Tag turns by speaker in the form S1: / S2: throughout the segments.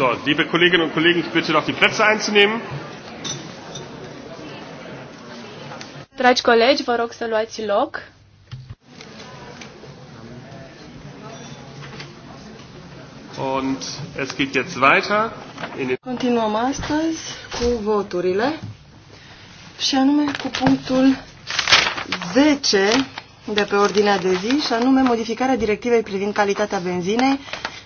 S1: So, liebe Kolleginnen und Kollegen, ich bitte noch die Plätze einzunehmen.
S2: Dragi colegi, vă rog să luați loc.
S1: Und es geht jetzt weiter in
S3: Continuăm astăzi cu voturile și anume cu punctul 10 de pe ordinea de zi și anume modificarea directivei privind calitatea benzinei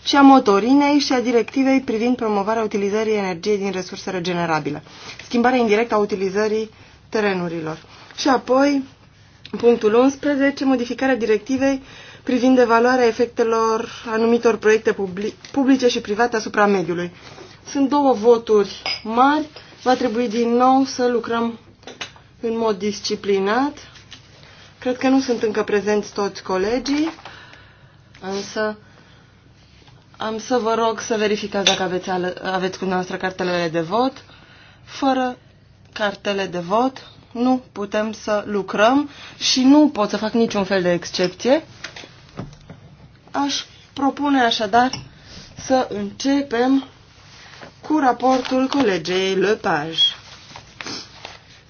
S3: și a motorinei și a directivei privind promovarea utilizării energiei din resurse regenerabile, schimbarea indirectă a utilizării terenurilor. Și apoi, punctul 11, modificarea directivei privind evaluarea efectelor anumitor proiecte publice și private asupra mediului. Sunt două voturi mari, va trebui din nou să lucrăm în mod disciplinat. Cred că nu sunt încă prezenți toți colegii, însă am să vă rog să verificați dacă aveți, aveți cu noastră cartelele de vot. Fără cartele de vot nu putem să lucrăm și nu pot să fac niciun fel de excepție. Aș propune așadar să începem cu raportul colegei Lepage.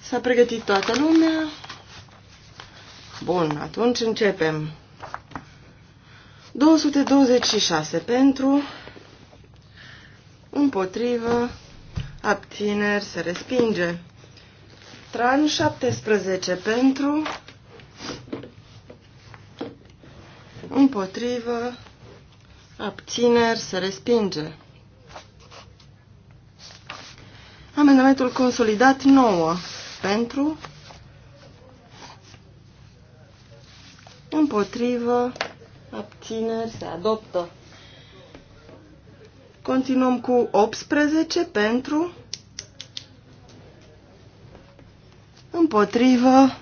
S3: S-a pregătit toată lumea? Bun, atunci începem. 226 pentru, împotrivă, abțineri, se respinge. Tran 17 pentru, împotrivă, abțineri, se respinge. Amendamentul consolidat 9 pentru, împotrivă, abțineri, se adoptă. Continuăm cu 18 pentru, împotrivă,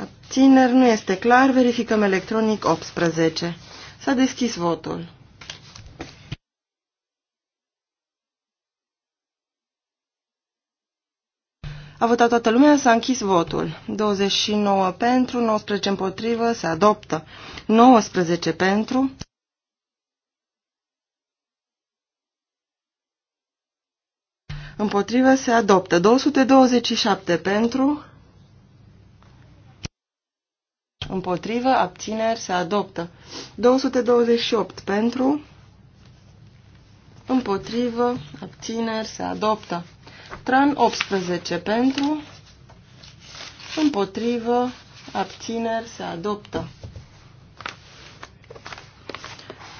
S3: abțineri, nu este clar, verificăm electronic 18. S-a deschis votul. A votat toată lumea, s-a închis votul. 29 pentru, 19 împotrivă, se adoptă. 19 pentru. Împotrivă se adoptă. 227 pentru. Împotrivă, abțineri, se adoptă. 228 pentru. Împotrivă, abțineri, se adoptă. Tran 18 pentru, împotrivă, abțineri, se adoptă.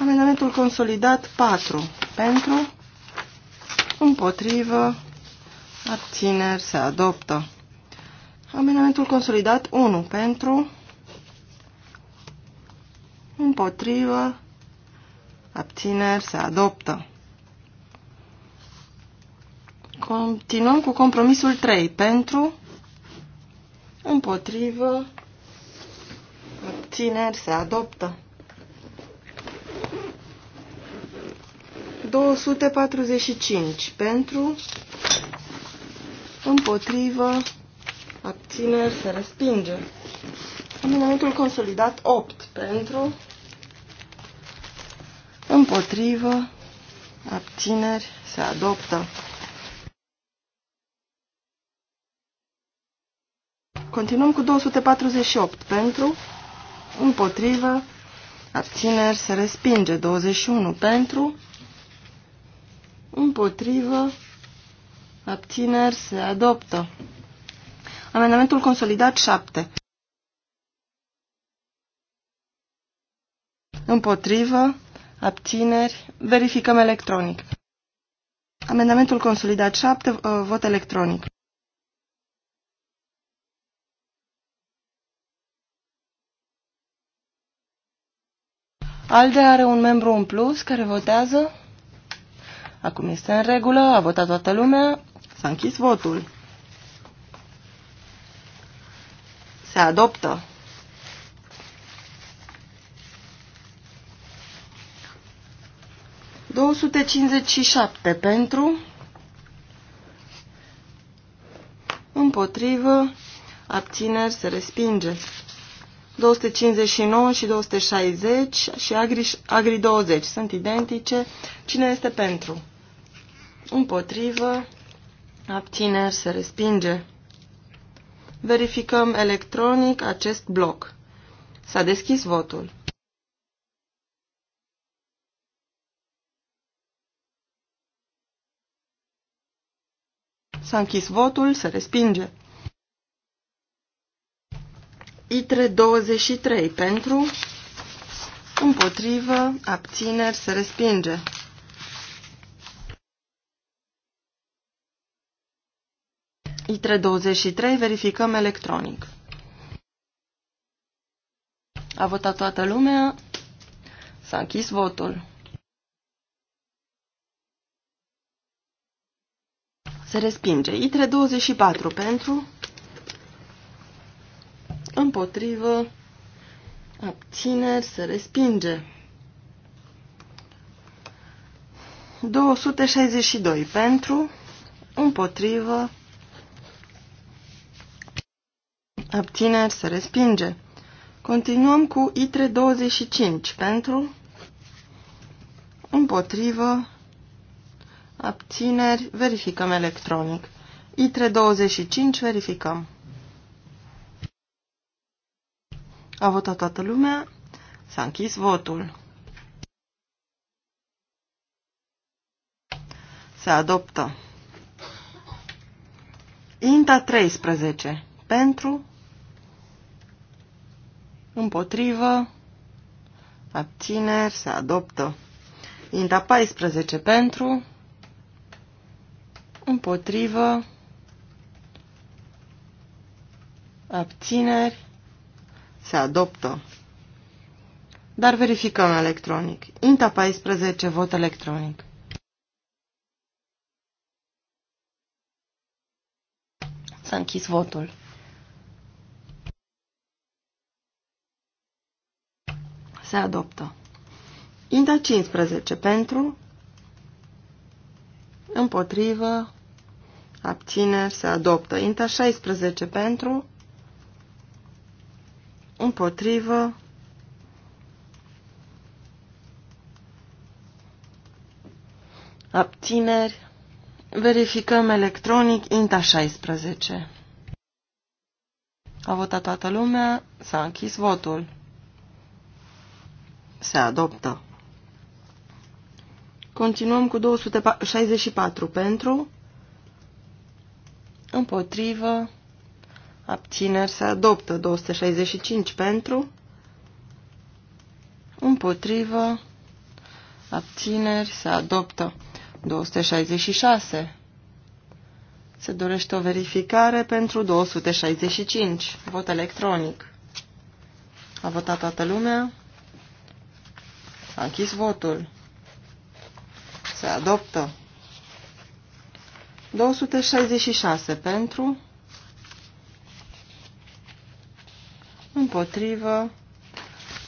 S3: Amendamentul consolidat 4 pentru, împotrivă, abțineri, se adoptă. Amendamentul consolidat 1 pentru, împotrivă, abțineri, se adoptă. Continuăm cu compromisul 3. Pentru, împotrivă, obțineri, se adoptă. 245. Pentru, împotrivă, abțineri, se respinge. Amendamentul consolidat 8. Pentru, împotrivă, abțineri, se adoptă. Continuăm cu 248 pentru, împotrivă, abțineri se respinge. 21 pentru, împotrivă, abțineri se adoptă. Amendamentul consolidat 7. Împotrivă, abțineri, verificăm electronic. Amendamentul consolidat 7, uh, vot electronic. ALDE are un membru în plus care votează. Acum este în regulă, a votat toată lumea, s-a închis votul. Se adoptă. 257 pentru, împotrivă, abțineri, se respinge. 259 și 260 și agri, agri 20 sunt identice. Cine este pentru? Împotrivă. Abțineri se respinge. Verificăm electronic acest bloc. S-a deschis votul. S-a închis votul, se respinge. ITRE 23 pentru, împotrivă, abțineri, se respinge. ITRE 23, verificăm electronic. A votat toată lumea, s-a închis votul. Se respinge. ITRE 24 pentru, împotrivă, abțineri, se respinge. 262 pentru, împotrivă, abțineri, se respinge. Continuăm cu ITRE 25 pentru, împotrivă, abțineri, verificăm electronic. ITRE 25, verificăm. A votat toată lumea. S-a închis votul. Se adoptă. Inta 13. Pentru, împotrivă, abțineri, se adoptă. Inta 14. Pentru, împotrivă, abțineri, se adoptă. Dar verificăm electronic. INTA 14, vot electronic. S-a închis votul. Se adoptă. INTA 15, pentru, împotrivă, abțineri, se adoptă. INTA 16, pentru, împotrivă, abțineri, verificăm electronic INTA 16. A votat toată lumea, s-a închis votul. Se adoptă. Continuăm cu 264 pentru, împotrivă, Abțineri se adoptă 265 pentru. Împotrivă. Abțineri se adoptă 266. Se dorește o verificare pentru 265. Vot electronic. A votat toată lumea. S-a închis votul. Se adoptă. 266 pentru împotrivă,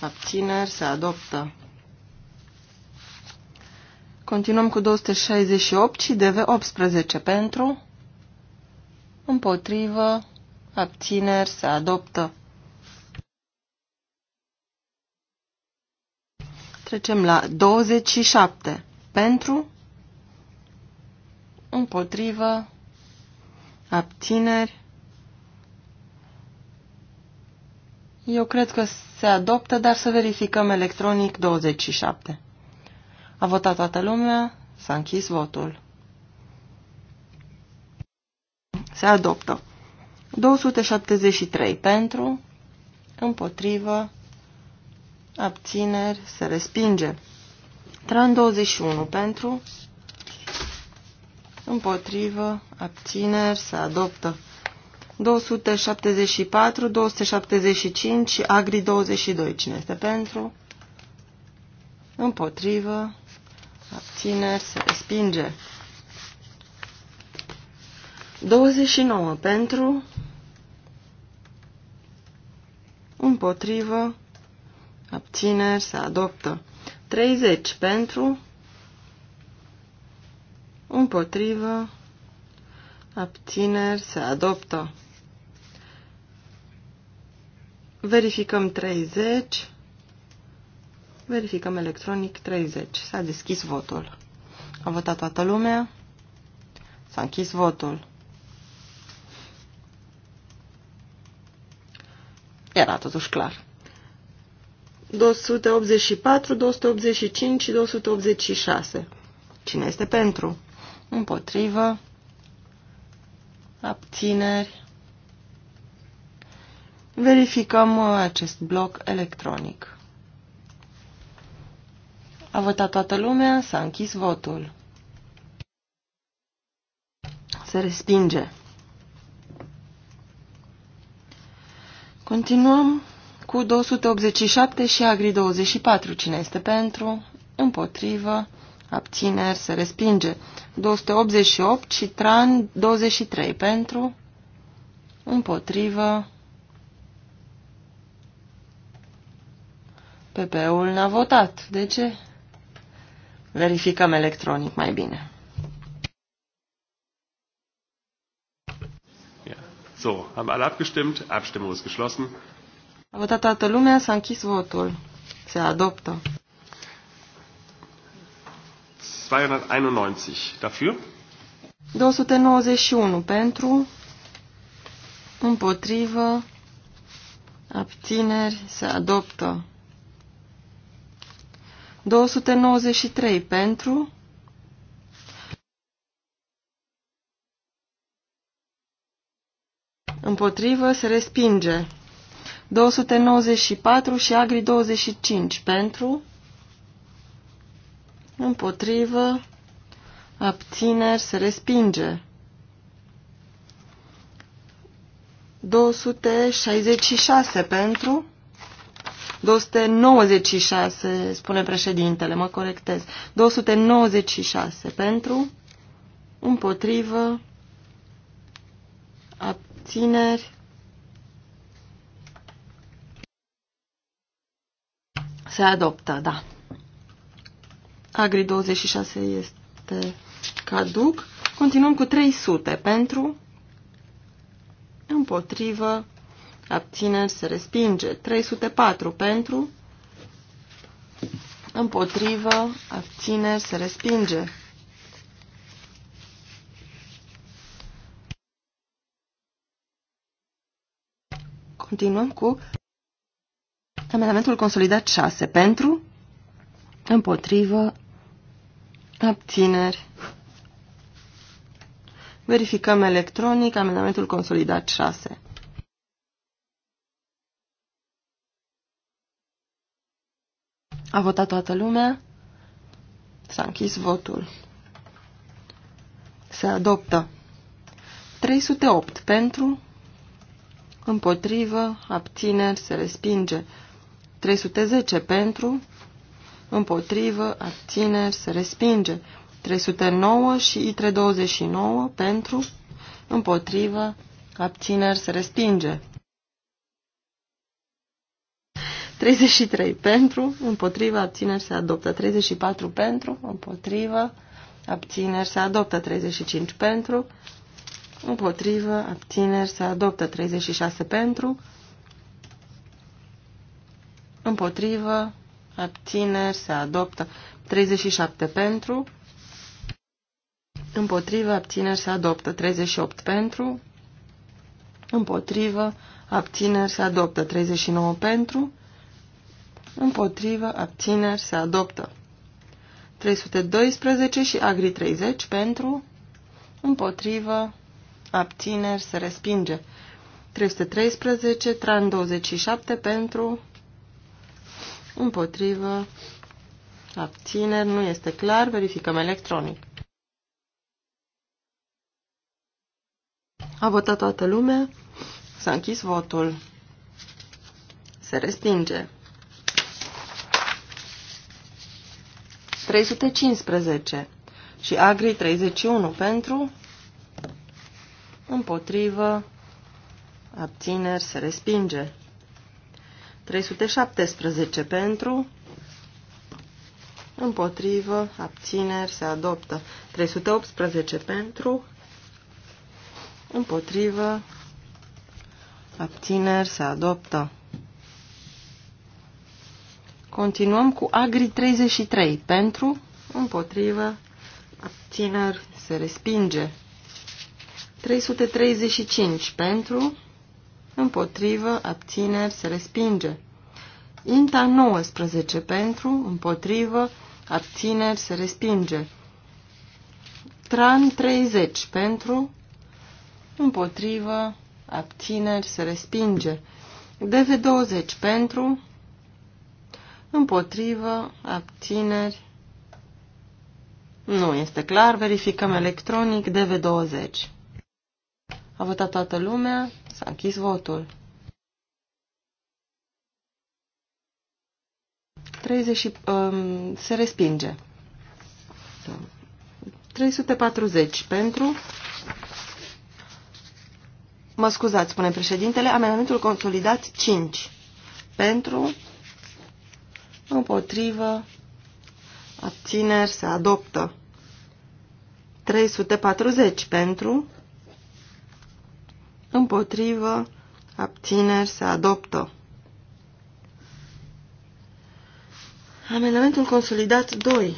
S3: abțineri, se adoptă. Continuăm cu 268 și DV18 pentru, împotrivă, abțineri, se adoptă. Trecem la 27 pentru, împotrivă, abțineri, Eu cred că se adoptă, dar să verificăm electronic 27. A votat toată lumea, s-a închis votul. Se adoptă. 273 pentru, împotrivă, abțineri, se respinge. Tran 21 pentru, împotrivă, abțineri, se adoptă. 274, 275 și Agri 22. Cine este pentru? Împotrivă. Abțineri. Se respinge. 29 pentru. Împotrivă. Abțineri. Se adoptă. 30 pentru. Împotrivă. Abțineri. Se adoptă. Verificăm 30. Verificăm electronic 30. S-a deschis votul. A votat toată lumea. S-a închis votul. Era totuși clar. 284, 285 și 286. Cine este pentru? Împotrivă. Abțineri. Verificăm uh, acest bloc electronic. A votat toată lumea, s-a închis votul. Se respinge. Continuăm cu 287 și Agri 24. Cine este pentru? Împotrivă. Abțineri. Se respinge. 288 și Tran 23. Pentru? Împotrivă. PP-ul n-a votat. De ce? Verificăm electronic mai bine.
S1: So, haben alle abgestimmt? Abstimmung ist geschlossen.
S3: A votat toată lumea, s-a închis votul. Se adoptă.
S1: 291 dafür.
S3: 291 pentru, împotrivă, abțineri, se adoptă. 293 pentru, împotrivă se respinge. 294 și agri 25 pentru, împotrivă, abțineri se respinge. 266 pentru, 296, spune președintele, mă corectez. 296 pentru, împotrivă, abțineri. Se adoptă, da. Agri 26 este caduc. Continuăm cu 300 pentru, împotrivă, abțineri se respinge. 304 pentru, împotrivă, abțineri se respinge. Continuăm cu amendamentul consolidat 6 pentru, împotrivă, abțineri. Verificăm electronic amendamentul consolidat 6. A votat toată lumea. S-a închis votul. Se adoptă. 308 pentru, împotrivă, abțineri, se respinge. 310 pentru, împotrivă, abțineri, se respinge. 309 și ITRE 29 pentru, împotrivă, abțineri, se respinge. 33 pentru, împotriva, abțineri se adoptă. 34 pentru, împotriva, abțineri se adoptă. 35 pentru, împotriva, abțineri se adoptă. 36 pentru, împotriva, abțineri se adoptă. 37 pentru, împotriva, abțineri se adoptă. 38 pentru, împotriva, abțineri se adoptă. 39 pentru, împotrivă, abțineri, se adoptă. 312 și Agri 30 pentru, împotrivă, abțineri, se respinge. 313, Tran 27 pentru, împotrivă, abțineri, nu este clar, verificăm electronic. A votat toată lumea, s-a închis votul, se respinge. 315 și Agri 31 pentru, împotrivă, abțineri, se respinge. 317 pentru, împotrivă, abțineri, se adoptă. 318 pentru, împotrivă, abțineri, se adoptă. Continuăm cu Agri 33. Pentru, împotrivă, abțineri, se respinge. 335. Pentru, împotrivă, abțineri, se respinge. Inta 19. Pentru, împotrivă, abțineri, se respinge. Tran 30. Pentru, împotrivă, abțineri, se respinge. DV20. Pentru, împotrivă, abțineri, nu este clar, verificăm electronic DV20. A votat toată lumea, s-a închis votul. 30, um, se respinge. 340 pentru... Mă scuzați, spune președintele, amendamentul consolidat 5 pentru împotrivă, abțineri, se adoptă. 340 pentru, împotrivă, abțineri, se adoptă. Amendamentul consolidat 2.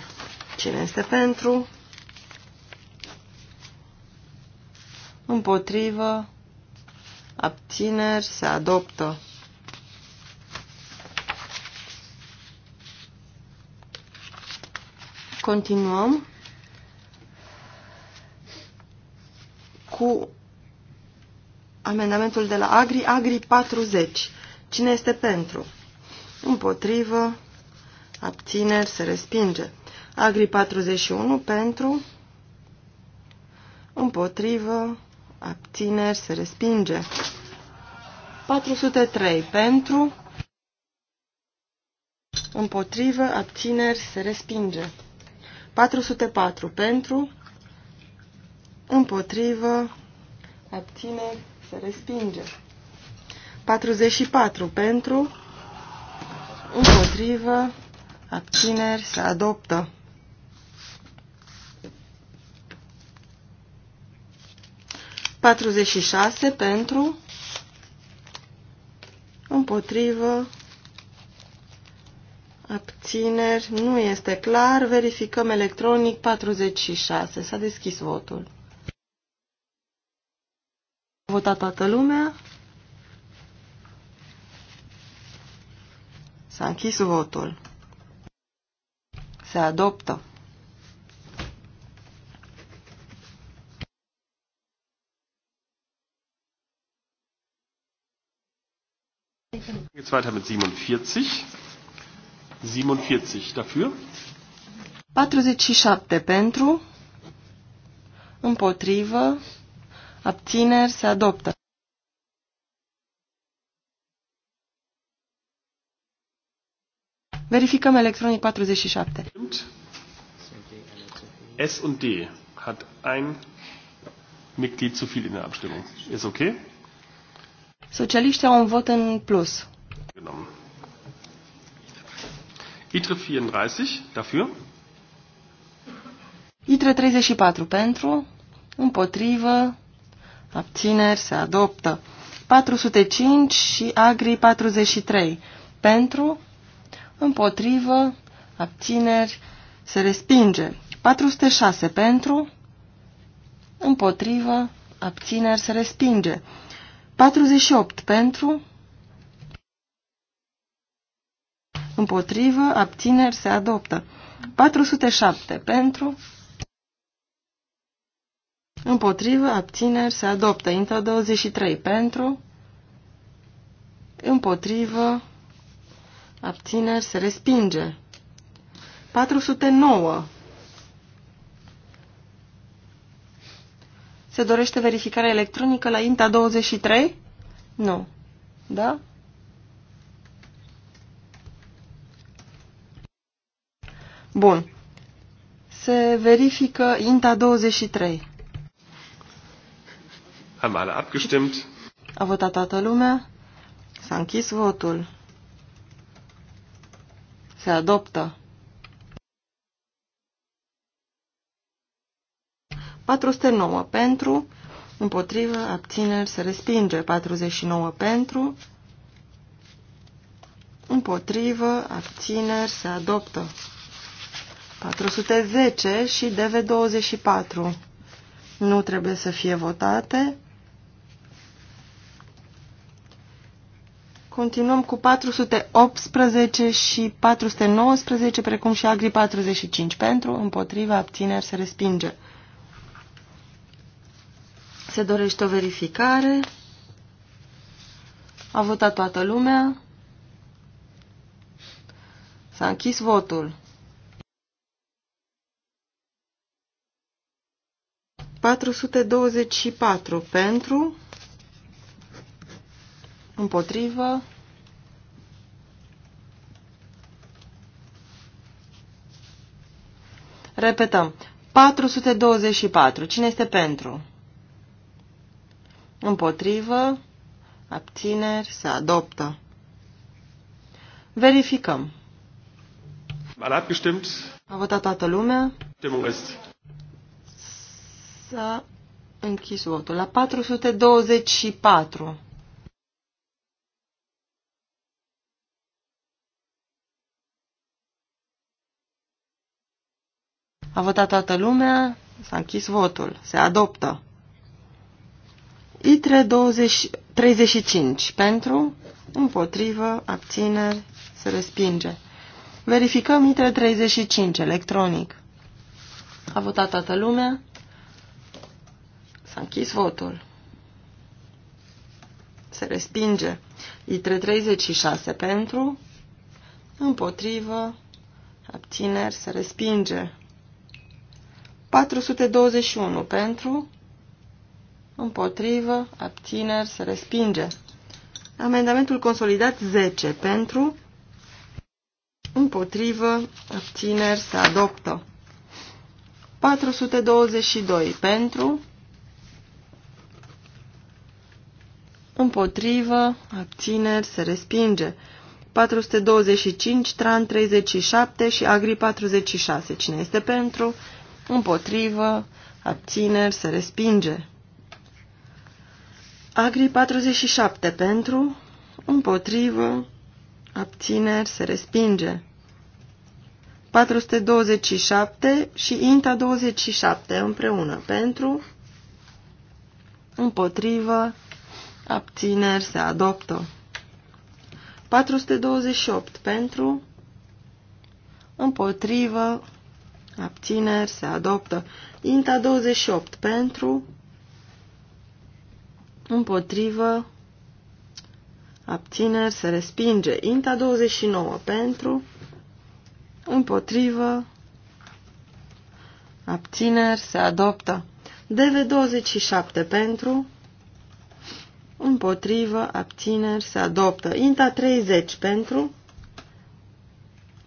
S3: Cine este pentru? Împotrivă, abțineri, se adoptă. Continuăm cu amendamentul de la Agri, Agri 40. Cine este pentru? Împotrivă, abțineri, se respinge. Agri 41 pentru, împotrivă, abțineri, se respinge. 403 pentru, împotrivă, abțineri, se respinge. 404 pentru, împotrivă, abține, se respinge. 44 pentru, împotrivă, abțineri, se adoptă. Patruzeci și șase pentru, împotrivă, Abțineri. Nu este clar. Verificăm electronic 46. S-a deschis votul. A votat toată lumea. S-a închis votul. Se adoptă.
S1: Jetzt weiter mit 47. 47 dafür.
S3: 47 pentru, împotrivă, abțineri se adoptă. Verificăm electronic 47.
S1: S und D hat ein Mitglied zu viel in der Abstimmung. Ist okay?
S3: Socialiștii au un vot în plus.
S1: Genommen. ITRE 34, dafür.
S3: ITRE 34, pentru, împotrivă, abțineri, se adoptă. 405 și Agri 43, pentru, împotrivă, abțineri, se respinge. 406 pentru, împotrivă, abțineri, se respinge. 48 pentru, Împotrivă, abțineri, se adoptă. 407 pentru. Împotrivă, abțineri, se adoptă. Intră 23 pentru. Împotrivă, abțineri, se respinge. 409. Se dorește verificarea electronică la INTA 23? Nu. Da? Bun. Se verifică INTA 23.
S1: Am alle abgestimmt.
S3: A votat toată lumea. S-a închis votul. Se adoptă. 409 pentru, împotrivă, abțineri, se respinge. 49 pentru, împotrivă, abțineri, se adoptă. 410 și DV24 nu trebuie să fie votate. Continuăm cu 418 și 419, precum și Agri 45. Pentru, împotriva, abțineri, se respinge. Se dorește o verificare. A votat toată lumea. S-a închis votul. 424 pentru, împotrivă, Repetăm. 424. Cine este pentru? Împotrivă. Abțineri. Se adoptă. Verificăm. A votat toată lumea. Stimmung este să a închis votul. La 424. A votat toată lumea, s-a închis votul, se adoptă. ITRE 20, 35 pentru, împotrivă, abțineri, se respinge. Verificăm ITRE 35 electronic. A votat toată lumea, S-a închis votul. Se respinge. I336 pentru, împotrivă, abțineri, se respinge. 421 pentru, împotrivă, abțineri, se respinge. Amendamentul consolidat 10 pentru, împotrivă, abțineri, se adoptă. 422 pentru, împotrivă, abțineri, se respinge. 425, Tran 37 și Agri 46. Cine este pentru? Împotrivă, abțineri, se respinge. Agri 47 pentru, împotrivă, abțineri, se respinge. 427 și INTA 27 împreună pentru, împotrivă, Abțineri se adoptă. 428 pentru, împotrivă, abțineri se adoptă. Inta 28 pentru, împotrivă, abțineri se respinge. Inta 29 pentru, împotrivă, abțineri se adoptă. DV27 pentru, împotrivă, abțineri, se adoptă. Inta 30 pentru,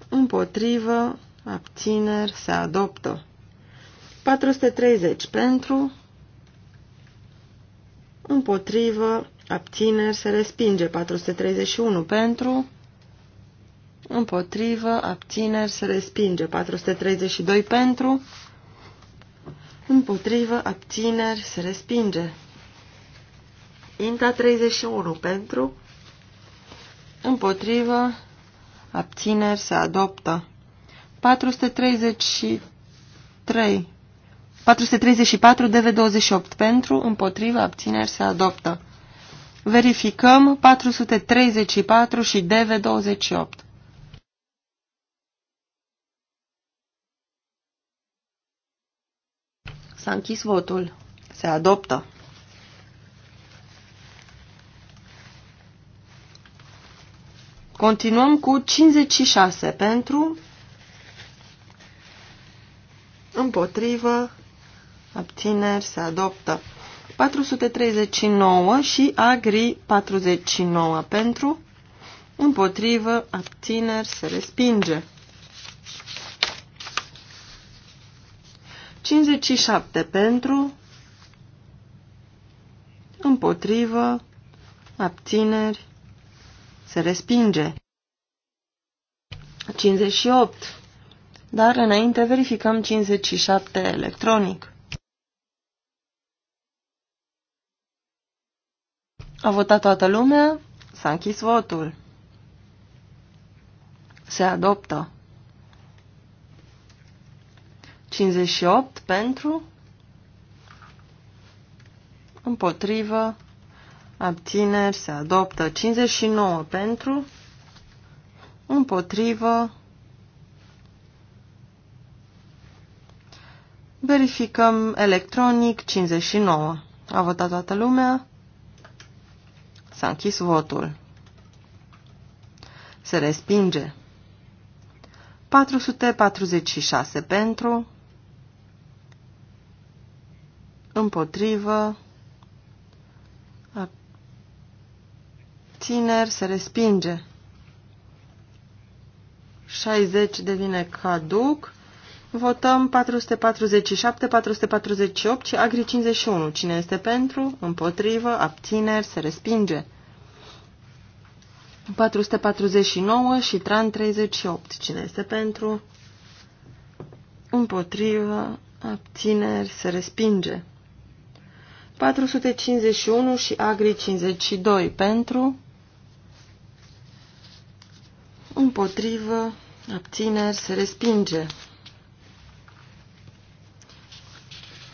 S3: împotrivă, abțineri, se adoptă. 430 pentru, împotrivă, abțineri, se respinge. 431 pentru, împotrivă, abțineri, se respinge. 432 pentru, împotrivă, abțineri, se respinge. Inta 31 pentru, împotrivă, abțineri se adoptă. 433, 434, DV28 pentru, împotrivă, abțineri se adoptă. Verificăm 434 și DV28. S-a închis votul. Se adoptă. Continuăm cu 56 pentru, împotrivă, abțineri, se adoptă. 439 și Agri 49 pentru, împotrivă, abțineri, se respinge. 57 pentru, împotrivă, abțineri, se respinge. 58. Dar înainte verificăm 57 electronic. A votat toată lumea, s-a închis votul. Se adoptă. 58 pentru, împotrivă, abțineri, se adoptă 59 pentru, împotrivă, verificăm electronic 59. A votat toată lumea, s-a închis votul. Se respinge. 446 pentru, împotrivă, tineri se respinge. 60 devine caduc. Votăm 447, 448 și Agri 51. Cine este pentru? Împotrivă? Abțineri? Se respinge. 449 și Tran 38. Cine este pentru? Împotrivă? Abțineri? Se respinge. 451 și Agri 52. Pentru? împotrivă, abțineri, se respinge.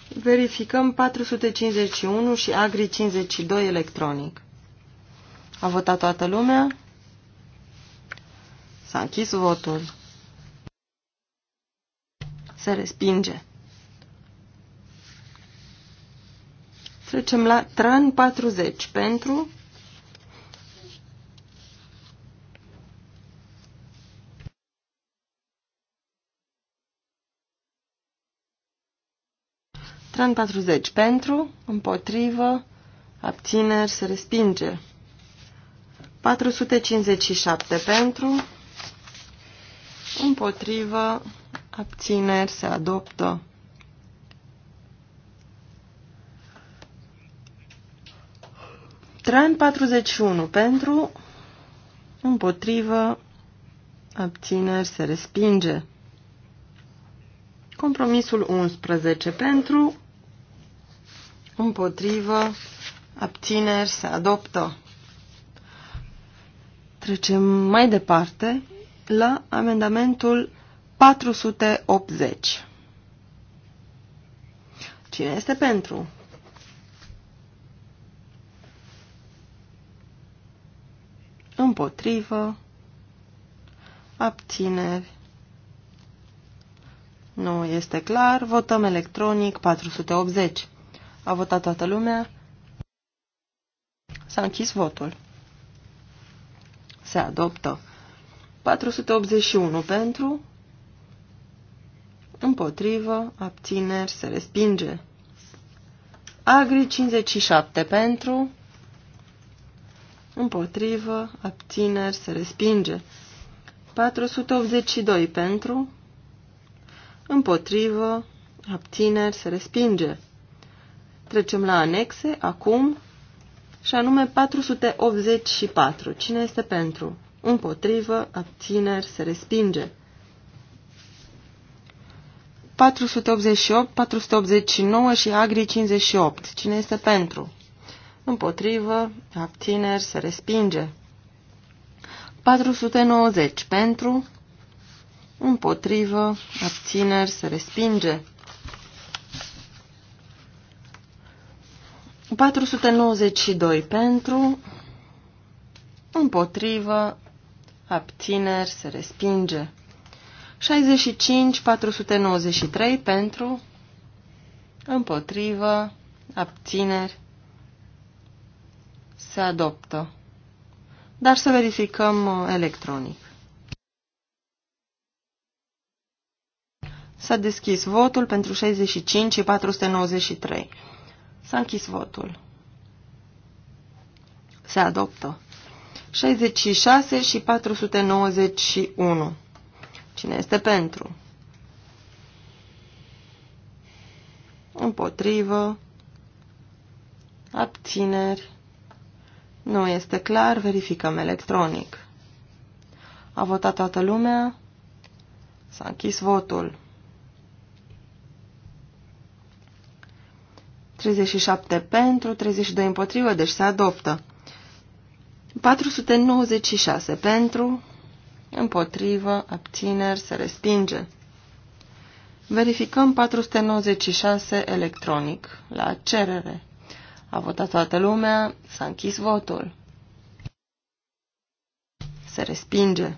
S3: Verificăm 451 și Agri 52 electronic. A votat toată lumea? S-a închis votul. Se respinge. Trecem la TRAN 40 pentru Tran 40 pentru, împotrivă, abțineri, se respinge. 457 pentru, împotrivă, abțineri, se adoptă. Tran 41 pentru, împotrivă, abțineri, se respinge. Compromisul 11 pentru, împotrivă, abțineri, se adoptă. Trecem mai departe la amendamentul 480. Cine este pentru? Împotrivă, abțineri, nu este clar, votăm electronic 480. A votat toată lumea. S-a închis votul. Se adoptă. 481 pentru, împotrivă, abțineri, se respinge. Agri 57 pentru, împotrivă, abțineri, se respinge. 482 pentru, împotrivă, abțineri, se respinge. Trecem la anexe acum și anume 484. Cine este pentru? Împotrivă, abțineri, se respinge. 488, 489 și Agri 58. Cine este pentru? Împotrivă, abțineri, se respinge. 490 pentru, împotrivă, abțineri, se respinge. 492 pentru, împotrivă, abțineri, se respinge. 65, 493 pentru, împotrivă, abțineri, se adoptă. Dar să verificăm uh, electronic. S-a deschis votul pentru 65 și 493. S-a închis votul. Se adoptă. 66 și 491. Cine este pentru? Împotrivă. Abțineri. Nu este clar, verificăm electronic. A votat toată lumea. S-a închis votul. 37 pentru, 32 împotrivă, deci se adoptă. 496 pentru, împotrivă, abțineri, se respinge. Verificăm 496 electronic, la cerere. A votat toată lumea, s-a închis votul. Se respinge.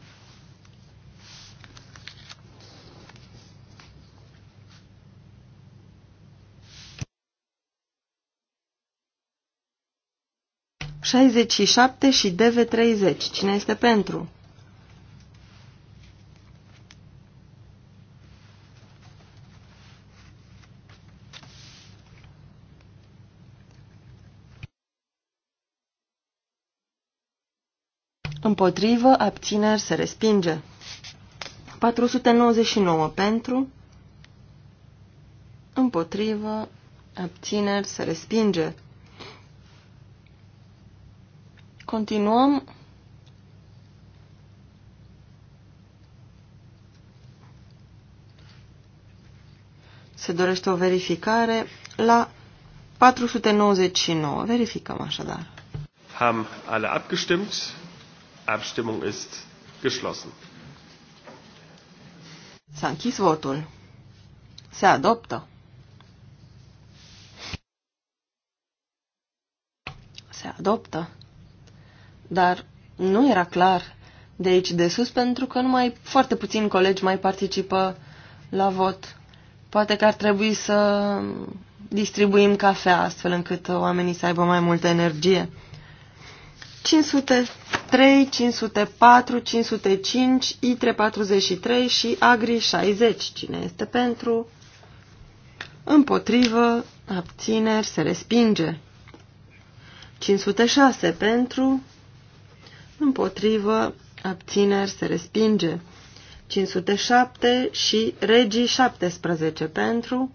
S3: 67 și DV30. Cine este pentru? Împotrivă, abțineri, se respinge. 499 pentru, împotrivă, abțineri, se respinge. Continuăm. Se dorește o verificare la 499. Verificăm așadar.
S1: Haben alle abgestimmt? Abstimmung ist geschlossen.
S3: S-a închis votul. Se adoptă. Se adoptă dar nu era clar de aici de sus pentru că numai foarte puțini colegi mai participă la vot. Poate că ar trebui să distribuim cafea astfel încât oamenii să aibă mai multă energie. 503, 504, 505, I343 și Agri 60. Cine este pentru? Împotrivă, abțineri, se respinge. 506 pentru, împotrivă, abțineri, se respinge. 507 și regii 17 pentru,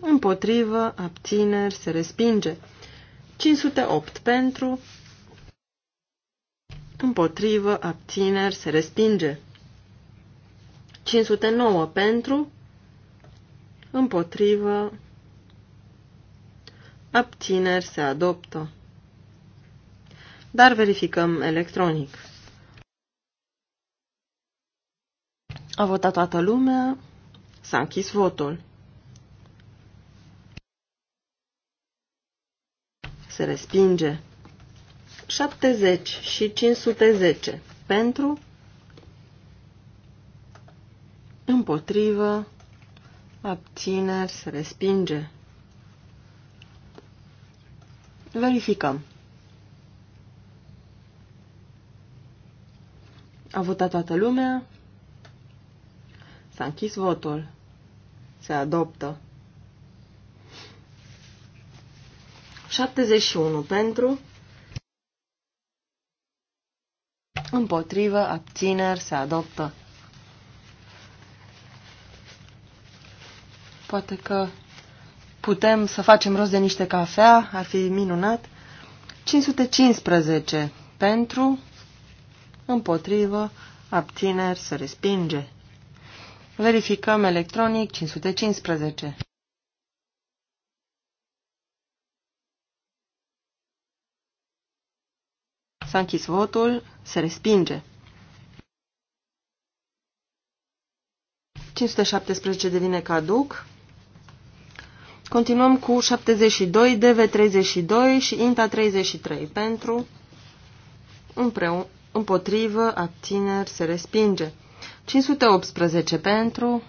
S3: împotrivă, abțineri, se respinge. 508 pentru, împotrivă, abțineri, se respinge. 509 pentru, împotrivă, abțineri, se adoptă dar verificăm electronic. A votat toată lumea, s-a închis votul. Se respinge. 70 și 510 pentru, împotrivă, abțineri, se respinge. Verificăm. A votat toată lumea. S-a închis votul. Se adoptă. 71 pentru. Împotrivă, abțineri, se adoptă. Poate că putem să facem rost de niște cafea, ar fi minunat. 515 pentru, împotrivă, abțineri, se respinge. Verificăm electronic 515. S-a închis votul, se respinge. 517 devine caduc. Continuăm cu 72, DV32 și INTA 33 pentru împreună împotrivă, abțineri, se respinge. 518 pentru,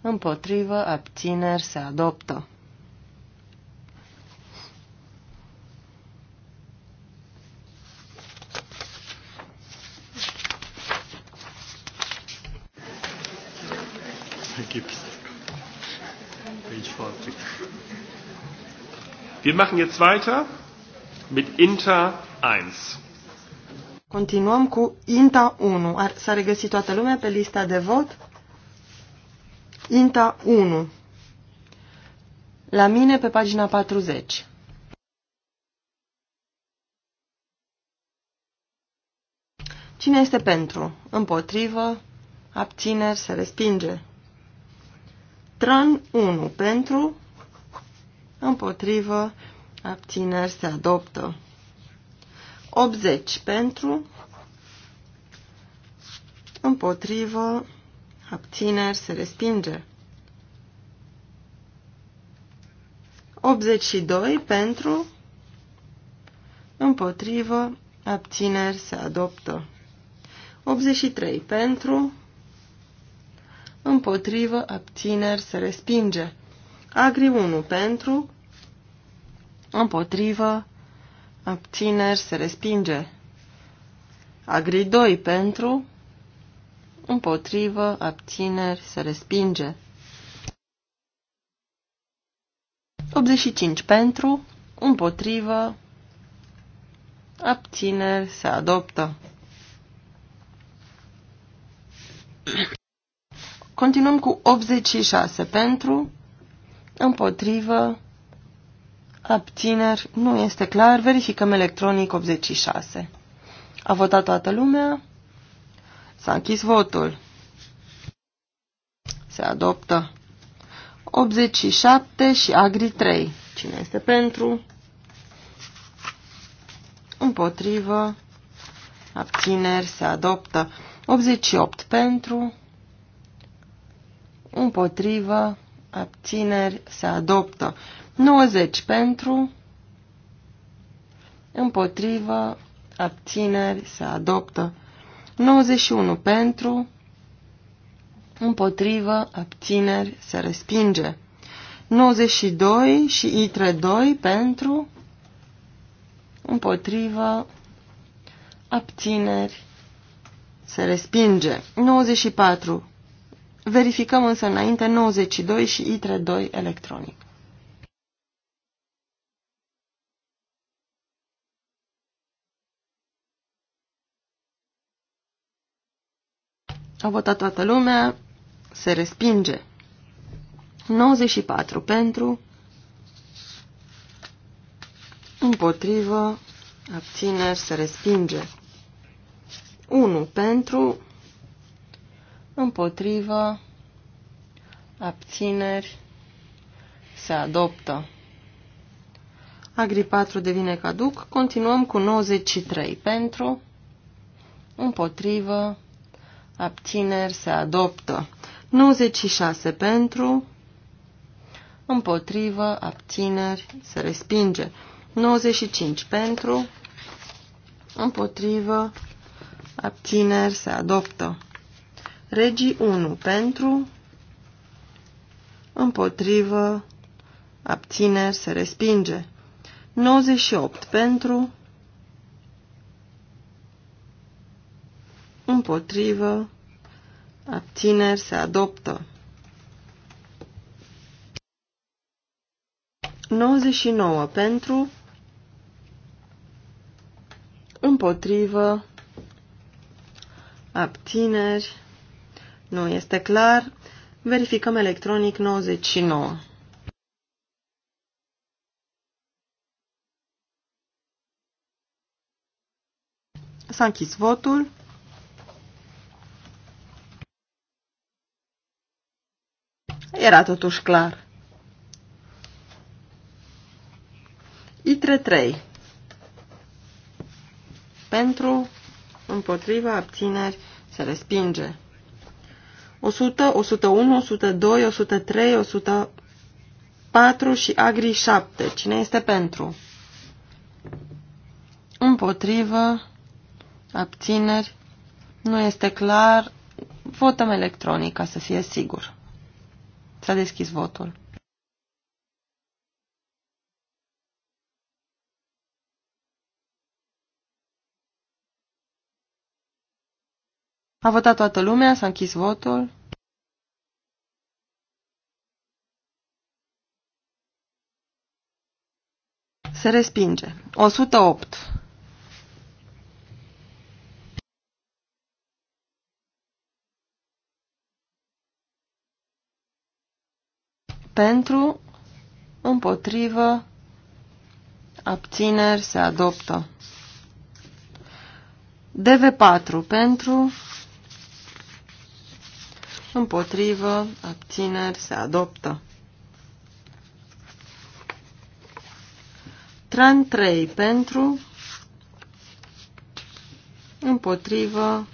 S3: împotrivă, abțineri, se adoptă.
S1: Wir machen jetzt weiter mit Inter 1.
S3: Continuăm cu INTA 1. S-a regăsit toată lumea pe lista de vot. INTA 1. La mine pe pagina 40. Cine este pentru? Împotrivă? Abțineri? Se respinge? Tran 1. Pentru? Împotrivă? Abțineri? Se adoptă? 80 pentru, împotrivă, abțineri, se respinge. 82 pentru, împotrivă, abțineri, se adoptă. 83 pentru, împotrivă, abțineri, se respinge. Agri 1 pentru, împotrivă, abțineri, se respinge. Agri 2 pentru, împotrivă, abțineri, se respinge. 85 pentru, împotrivă, abțineri, se adoptă. Continuăm cu 86 pentru, împotrivă, Abțineri, nu este clar, verificăm electronic 86. A votat toată lumea, s-a închis votul. Se adoptă 87 și Agri 3. Cine este pentru? Împotrivă. Abțineri se adoptă. 88 pentru. Împotrivă. Abțineri se adoptă. 90 pentru, împotrivă, abțineri, se adoptă. 91 pentru, împotrivă, abțineri, se respinge. 92 și ITRE 2 pentru, împotrivă, abțineri, se respinge. 94. Verificăm însă înainte 92 și ITRE 2 electronic. A votat toată lumea. Se respinge. 94 pentru. Împotrivă. Abțineri. Se respinge. 1 pentru. Împotrivă. Abțineri. Se adoptă. Agri 4 devine caduc. Continuăm cu 93 pentru, împotrivă, abțineri se adoptă. 96 pentru, împotrivă, abțineri, se respinge. 95 pentru, împotrivă, abțineri, se adoptă. Regii 1 pentru, împotrivă, abțineri, se respinge. 98 pentru, împotrivă, abțineri, se adoptă. 99 pentru, împotrivă, abțineri, nu este clar, verificăm electronic 99. S-a închis votul. era totuși clar. ITRE 3 Pentru, împotriva, abțineri, se respinge. 100, 101, 102, 103, 104 și Agri 7. Cine este pentru? Împotrivă, abțineri, nu este clar, votăm electronic ca să fie sigur. S-a deschis votul. A votat toată lumea, s-a închis votul. Se respinge. 108. pentru, împotrivă, abțineri se adoptă. DV4 pentru, împotrivă, abțineri se adoptă. Tran 3 pentru, împotrivă,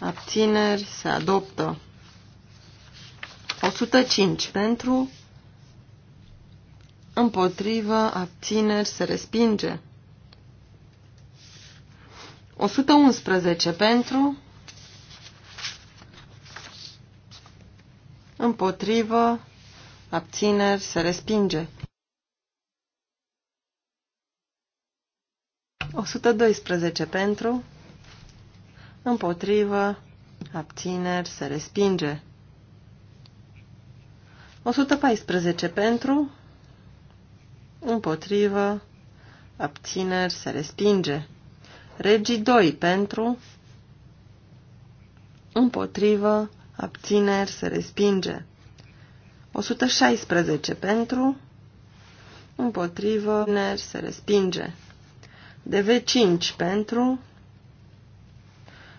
S3: abțineri se adoptă. 105 pentru, împotrivă, abțineri, se respinge. 111 pentru, împotrivă, abțineri, se respinge. 112 pentru, împotrivă, abțineri, se respinge. 114 pentru, împotrivă, abțineri, se respinge. Regii 2 pentru, împotrivă, abțineri, se respinge. 116 pentru, împotrivă, abțineri, se respinge. DV5 pentru,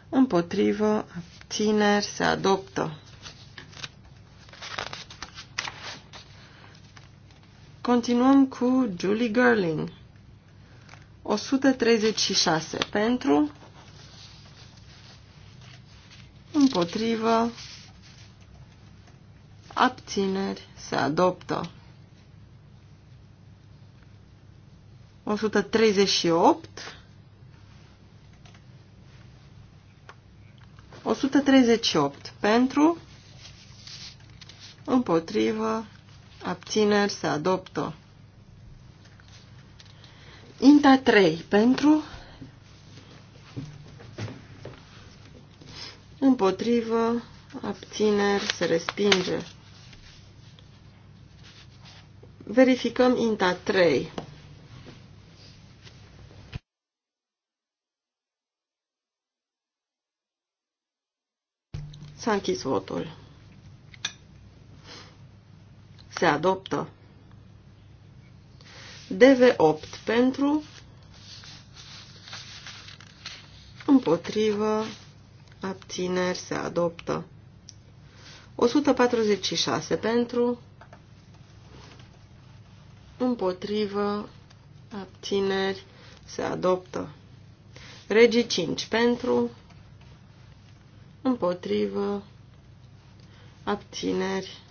S3: împotrivă, abțineri, se adoptă. Continuăm cu Julie Gerling. 136 pentru, împotrivă, abțineri, se adoptă. 138, 138 pentru, împotrivă, abțineri se adoptă. Inta 3 pentru, împotrivă, abțineri se respinge. Verificăm Inta 3. S-a închis votul se adoptă. DV8 pentru, împotrivă, abțineri, se adoptă. 146 pentru, împotrivă, abțineri, se adoptă. Regii 5 pentru, împotrivă, abțineri,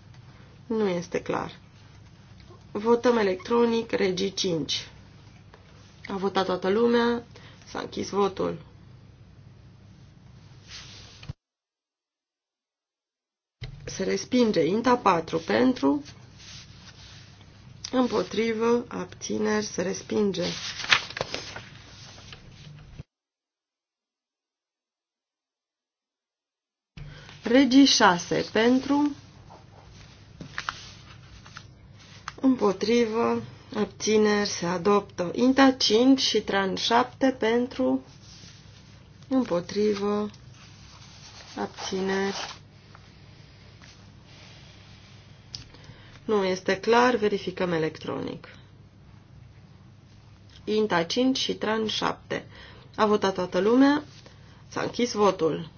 S3: nu este clar. Votăm electronic, regii 5. A votat toată lumea, s-a închis votul. Se respinge INTA 4 pentru, împotrivă, abțineri, se respinge. Regii 6 pentru, împotrivă, abțineri se adoptă. Inta 5 și tran 7 pentru, împotrivă, abțineri. Nu este clar, verificăm electronic. Inta 5 și tran 7. A votat toată lumea, s-a închis votul.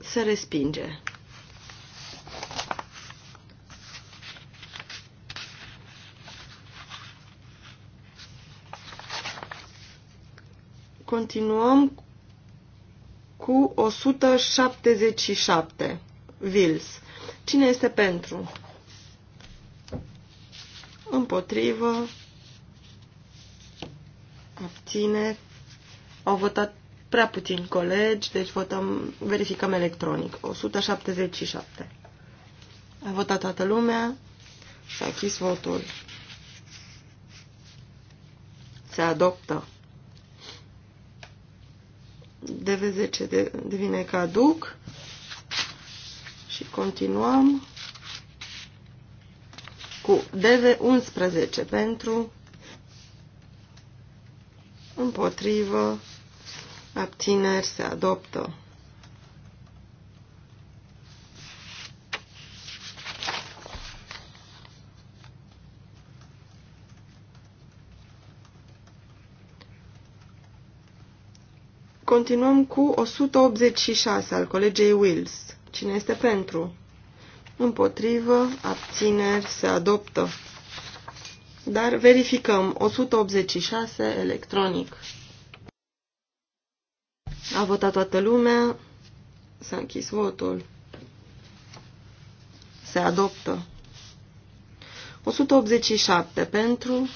S3: Se respinge. Continuăm cu 177. Vils. Cine este pentru? Împotrivă. Abțineri. Au votat prea puțini colegi, deci votăm, verificăm electronic. 177. A votat toată lumea. S-a închis votul. Se adoptă. DV10 devine caduc și continuăm cu DV11 pentru împotrivă abțineri se adoptă. Continuăm cu 186 al colegei Wills. Cine este pentru? Împotrivă, abțineri, se adoptă. Dar verificăm 186 electronic. A votat toată lumea, s-a închis votul. Se adoptă. 187 pentru,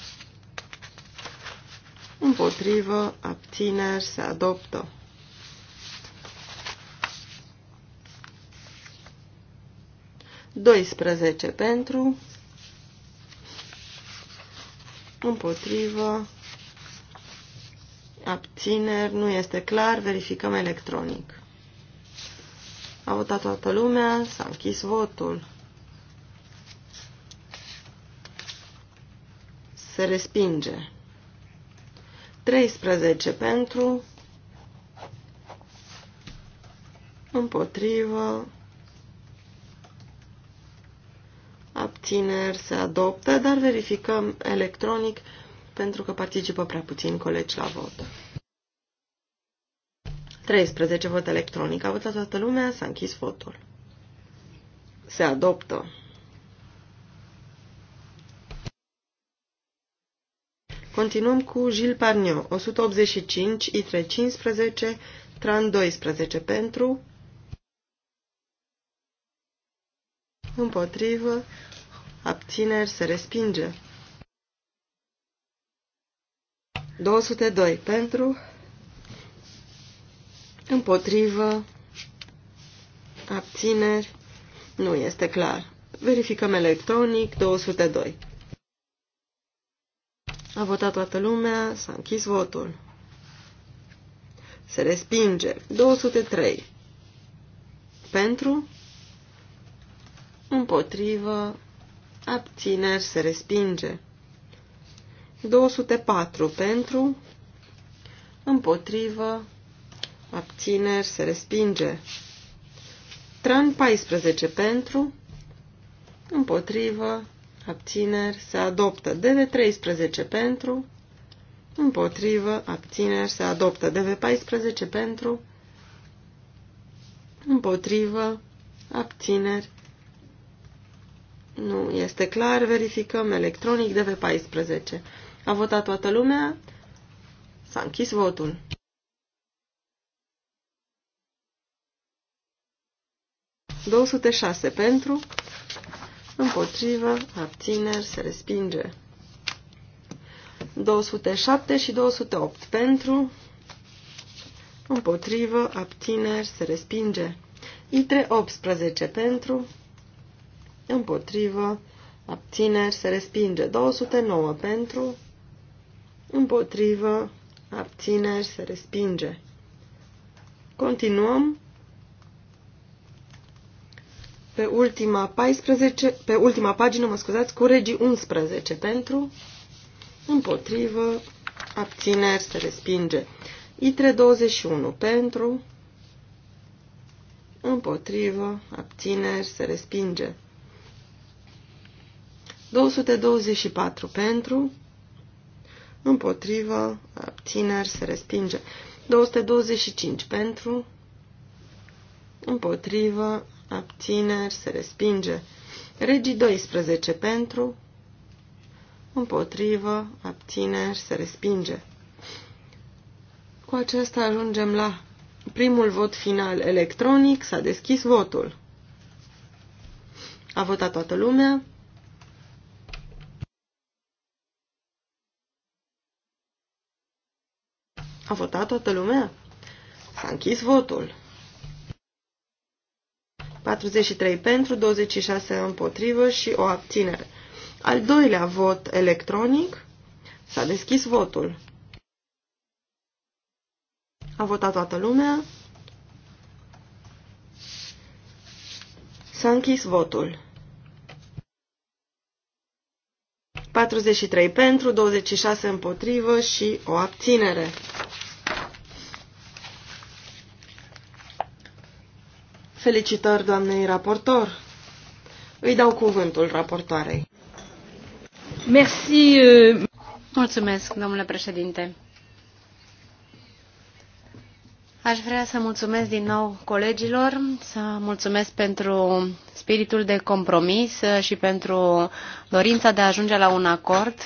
S3: împotrivă, abțineri, se adoptă. Doisprezece pentru, împotrivă, abțineri, nu este clar, verificăm electronic. A votat toată lumea, s-a închis votul. Se respinge. 13 pentru, împotrivă, abțineri se adoptă, dar verificăm electronic pentru că participă prea puțin colegi la vot. 13 vot electronic. A votat toată lumea, s-a închis votul. Se adoptă. Continuăm cu Gilles Parnio, 185, ITRE 15, TRAN 12 pentru, împotrivă, abțineri, se respinge. 202 pentru, împotrivă, abțineri, nu este clar. Verificăm electronic, 202. A votat toată lumea, s-a închis votul. Se respinge. 203. Pentru, împotrivă, abțineri, se respinge. 204. Pentru, împotrivă, abțineri, se respinge. Tran 14. Pentru, împotrivă, abțineri, se adoptă. DV13 pentru, împotrivă, abțineri, se adoptă. DV14 pentru, împotrivă, abțineri. Nu este clar, verificăm electronic DV14. A votat toată lumea, s-a închis votul. șase pentru, împotrivă, abțineri, se respinge. 207 și 208 pentru, împotrivă, abțineri, se respinge. Itre 18 pentru, împotrivă, abțineri, se respinge. 209 pentru, împotrivă, abțineri, se respinge. Continuăm pe ultima, 14, pe ultima pagină, mă scuzați, cu regii 11 pentru, împotrivă, abțineri, se respinge. ITRE 21 pentru, împotrivă, abțineri, se respinge. 224 pentru, împotrivă, abțineri, se respinge. 225 pentru, împotrivă, abțineri, se respinge. Regii 12 pentru, împotrivă, abțineri, se respinge. Cu acesta ajungem la primul vot final electronic, s-a deschis votul. A votat toată lumea. A votat toată lumea? S-a închis votul. 43 pentru, 26 împotrivă și o abținere. Al doilea vot electronic. S-a deschis votul. A votat toată lumea. S-a închis votul. 43 pentru, 26 împotrivă și o abținere. Felicitări doamnei raportor. Îi dau cuvântul raportoarei.
S4: Merci. Euh, mulțumesc, domnule președinte. Aș vrea să mulțumesc din nou colegilor, să mulțumesc pentru spiritul de compromis și pentru dorința de a ajunge la un acord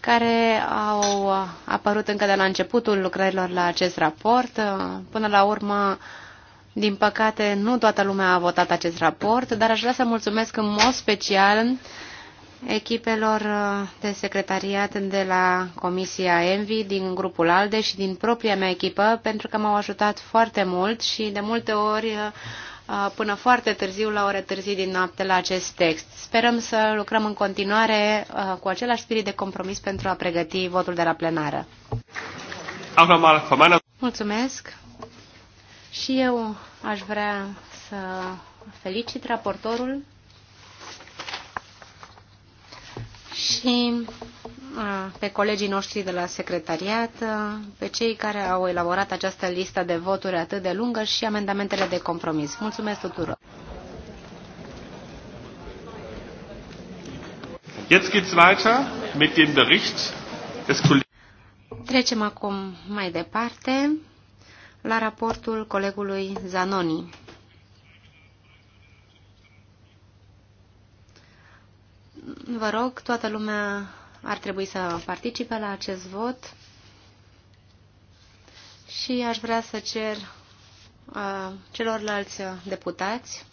S4: care au apărut încă de la începutul lucrărilor la acest raport. Până la urmă din păcate, nu toată lumea a votat acest raport, dar aș vrea să mulțumesc în mod special echipelor uh, de secretariat de la Comisia Envi, din grupul ALDE și din propria mea echipă, pentru că m-au ajutat foarte mult și de multe ori uh, uh, până foarte târziu, la ore târzii din noapte, la acest text. Sperăm să lucrăm în continuare cu același spirit de compromis pentru a pregăti votul de la plenară. Mulțumesc! Și eu aș vrea să felicit raportorul și pe colegii noștri de la secretariat, pe cei care au elaborat această listă de voturi atât de lungă și amendamentele de compromis. Mulțumesc tuturor!
S1: Jetzt geht's weiter mit dem Bericht des
S4: Trecem acum mai departe la raportul colegului Zanoni. Vă rog, toată lumea ar trebui să participe la acest vot și aș vrea să cer uh, celorlalți deputați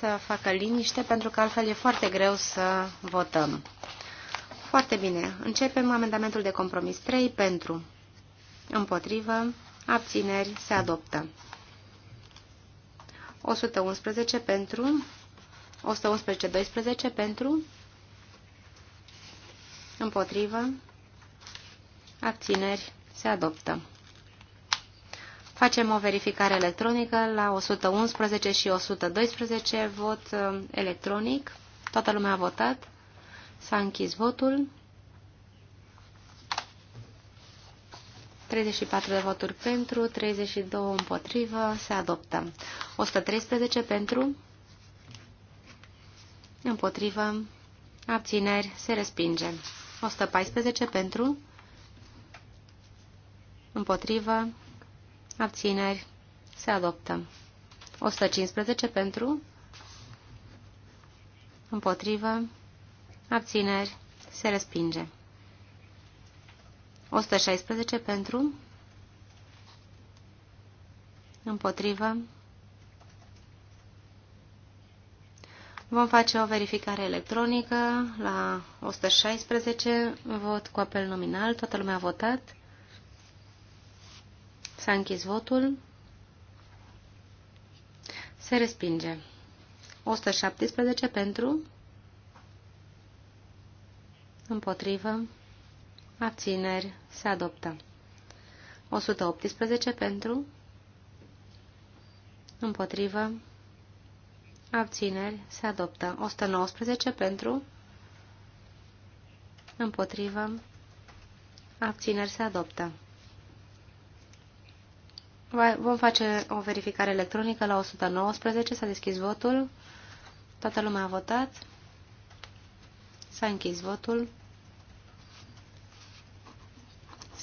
S4: să facă liniște, pentru că altfel e foarte greu să votăm. Foarte bine. Începem amendamentul de compromis 3 pentru împotrivă, abțineri, se adoptă. 111 pentru, 111-12 pentru, împotrivă, abțineri, se adoptă. Facem o verificare electronică la 111 și 112, vot uh, electronic. Toată lumea a votat. S-a închis votul. 34 de voturi pentru, 32 împotrivă, se adoptă. 113 pentru, împotrivă, abțineri, se respinge. 114 pentru, împotrivă, abțineri, se adoptă. 115 pentru, împotrivă, abțineri, se respinge. 116 pentru, împotrivă. Vom face o verificare electronică la 116, vot cu apel nominal, toată lumea a votat. S-a închis votul. Se respinge. 117 pentru, împotrivă abțineri, se adoptă. 118 pentru, împotrivă, abțineri, se adoptă. 119 pentru, împotrivă, abțineri, se adoptă. Vom face o verificare electronică la 119, s-a deschis votul, toată lumea a votat, s-a închis votul.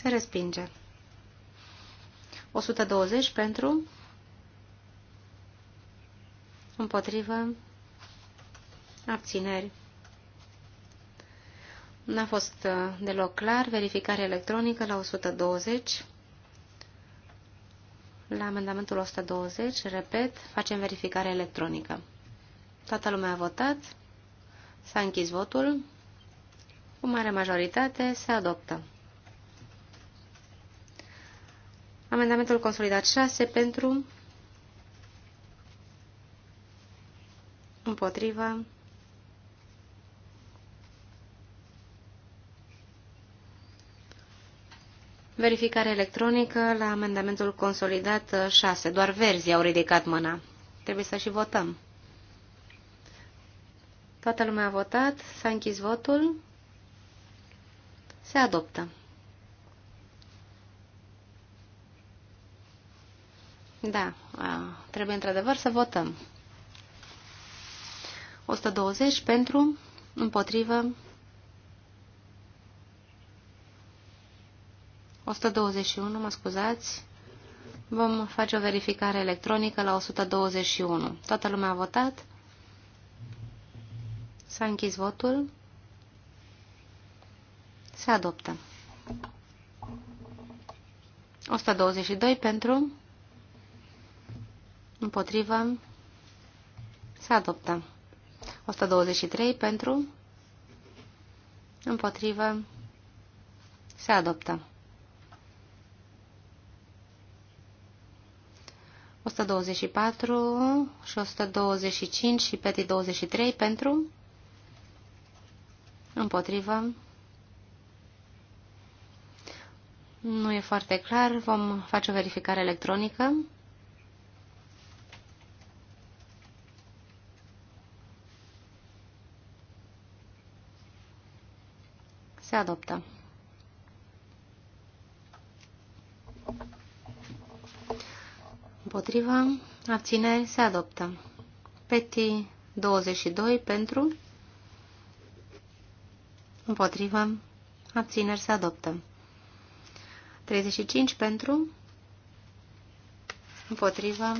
S4: Se respinge. 120 pentru, împotrivă, abțineri. N-a fost uh, deloc clar. Verificare electronică la 120. La amendamentul 120, repet, facem verificare electronică. Toată lumea a votat. S-a închis votul. Cu mare majoritate se adoptă. Amendamentul consolidat 6 pentru, împotriva, verificare electronică la amendamentul consolidat 6. Doar verzi au ridicat mâna. Trebuie să și votăm. Toată lumea a votat, s-a închis votul, se adoptă. Da, trebuie într-adevăr să votăm. 120 pentru, împotrivă, 121, mă scuzați, vom face o verificare electronică la 121. Toată lumea a votat, s-a închis votul, se adoptă. 122 pentru, împotrivă, se adoptă. 123 pentru, împotrivă, se adoptă. 124 și 125 și peti 23 pentru, împotrivă, nu e foarte clar, vom face o verificare electronică. Se adoptă. Împotriva, Abțineri. Se adoptă. Peti 22 pentru. Împotriva, Abțineri. Se adoptă. 35 pentru. Împotriva,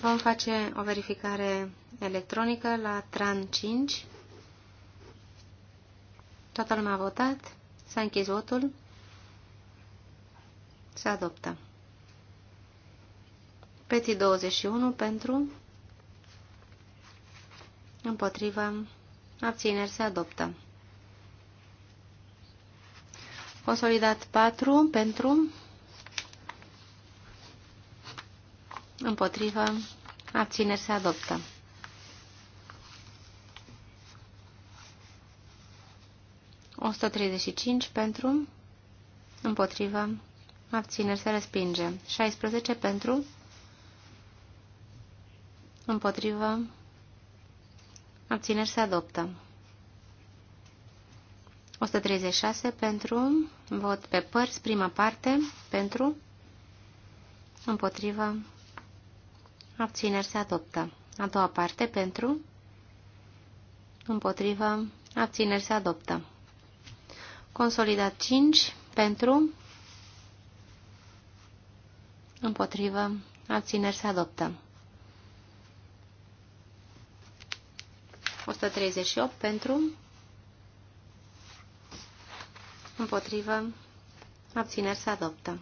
S4: Vom face o verificare electronică la TRAN 5. Toată lumea a votat. S-a închis votul. Se adoptă. Peti 21 pentru, împotriva, abțineri se adoptă. Consolidat 4 pentru, împotrivă, abțineri se adoptă. O 135 pentru, împotrivă, abțineri se respinge. 16 pentru, împotrivă, abțineri se adoptă. 136 pentru, vot pe părți, prima parte, pentru, împotrivă, abțineri se adoptă. A doua parte pentru, împotrivă, abțineri se adoptă. Consolidat 5 pentru, împotrivă, abțineri se adoptă. 138 pentru, împotrivă, abțineri se adoptă.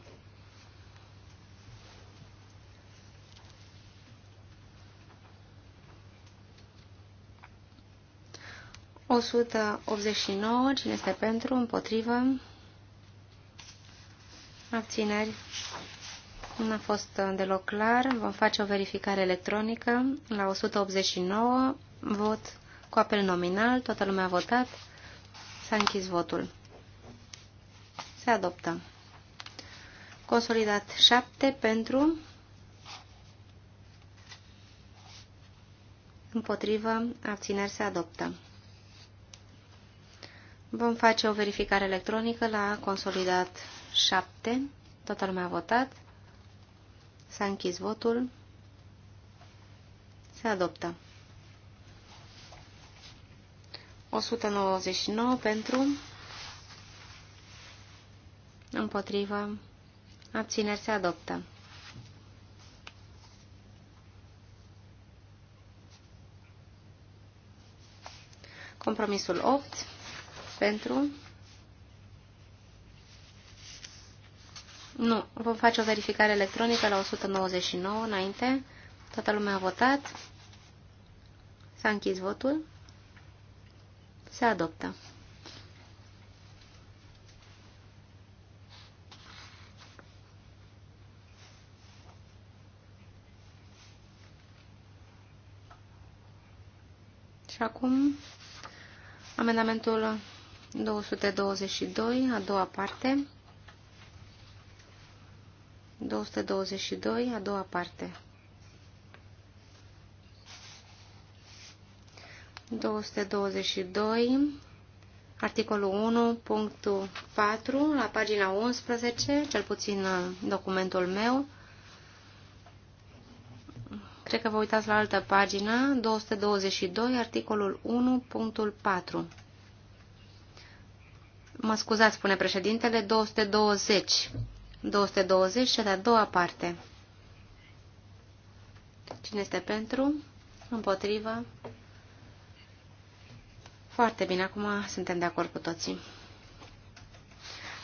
S4: 189, cine este pentru, împotrivă, abțineri, nu a fost deloc clar. Vom face o verificare electronică la 189, vot cu apel nominal, toată lumea a votat, s-a închis votul. Se adoptă. Consolidat 7 pentru, împotrivă, abțineri se adoptă. Vom face o verificare electronică la consolidat 7. Toată lumea a votat. S-a închis votul. Se adoptă. 199 pentru, împotrivă, abțineri se adoptă. Compromisul 8 pentru. Nu, vom face o verificare electronică la 199 înainte. Toată lumea a votat. S-a închis votul. Se adoptă. Și acum amendamentul 222, a doua parte. 222, a doua parte. 222, articolul 1, punctul 4, la pagina 11, cel puțin uh, documentul meu. Cred că vă uitați la altă pagină, 222, articolul 1, punctul 4. Mă scuzați, spune președintele, 220. 220, cea de-a doua parte. Cine este pentru? Împotrivă? Foarte bine, acum suntem de acord cu toții.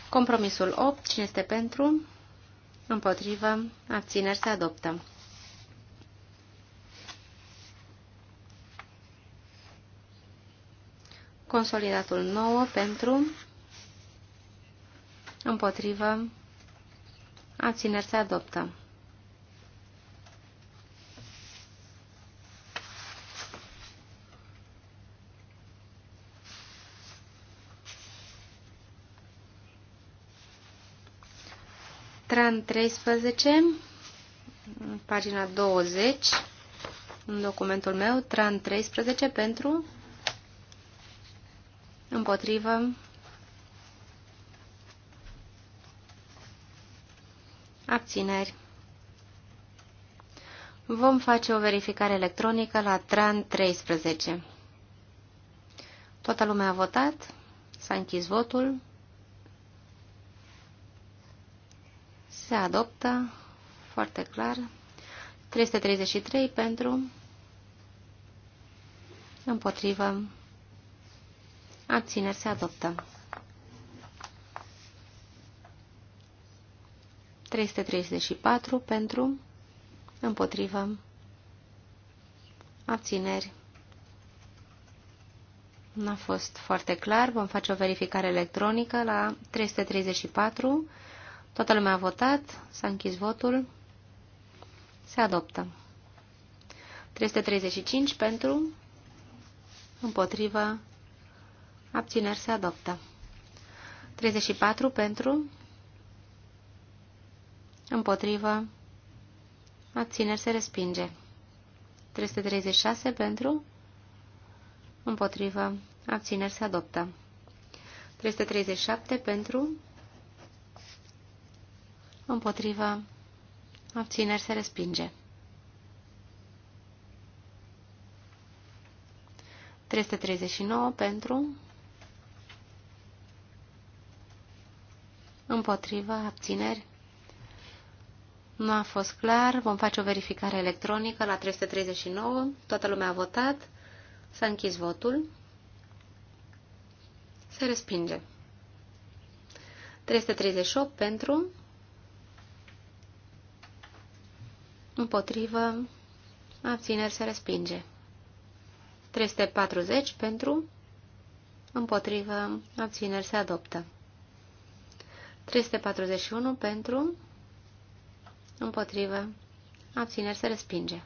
S4: Compromisul 8. Cine este pentru? Împotrivă? Abțineri se adoptă. Consolidatul 9 pentru împotrivă, abțineri se adoptă. Tran 13, pagina 20, în documentul meu, Tran 13 pentru împotrivă, Abțineri. Vom face o verificare electronică la TRAN 13. Toată lumea a votat. S-a închis votul. Se adoptă foarte clar. 333 pentru, împotrivă, abțineri se adoptă. 334 pentru, împotrivă, abțineri. N-a fost foarte clar. Vom face o verificare electronică la 334. Toată lumea a votat. S-a închis votul. Se adoptă. 335 pentru, împotrivă, abțineri se adoptă. 34 pentru, împotrivă, abțineri se respinge. 336 pentru, împotrivă, abțineri se adoptă. 337 pentru, împotrivă, abțineri se respinge. 339 pentru, împotrivă, abțineri nu a fost clar. Vom face o verificare electronică la 339. Toată lumea a votat. S-a închis votul. Se respinge. 338 pentru. Împotrivă. Abțineri se respinge. 340 pentru. Împotrivă. Abțineri se adoptă. 341 pentru împotrivă, abțineri se respinge.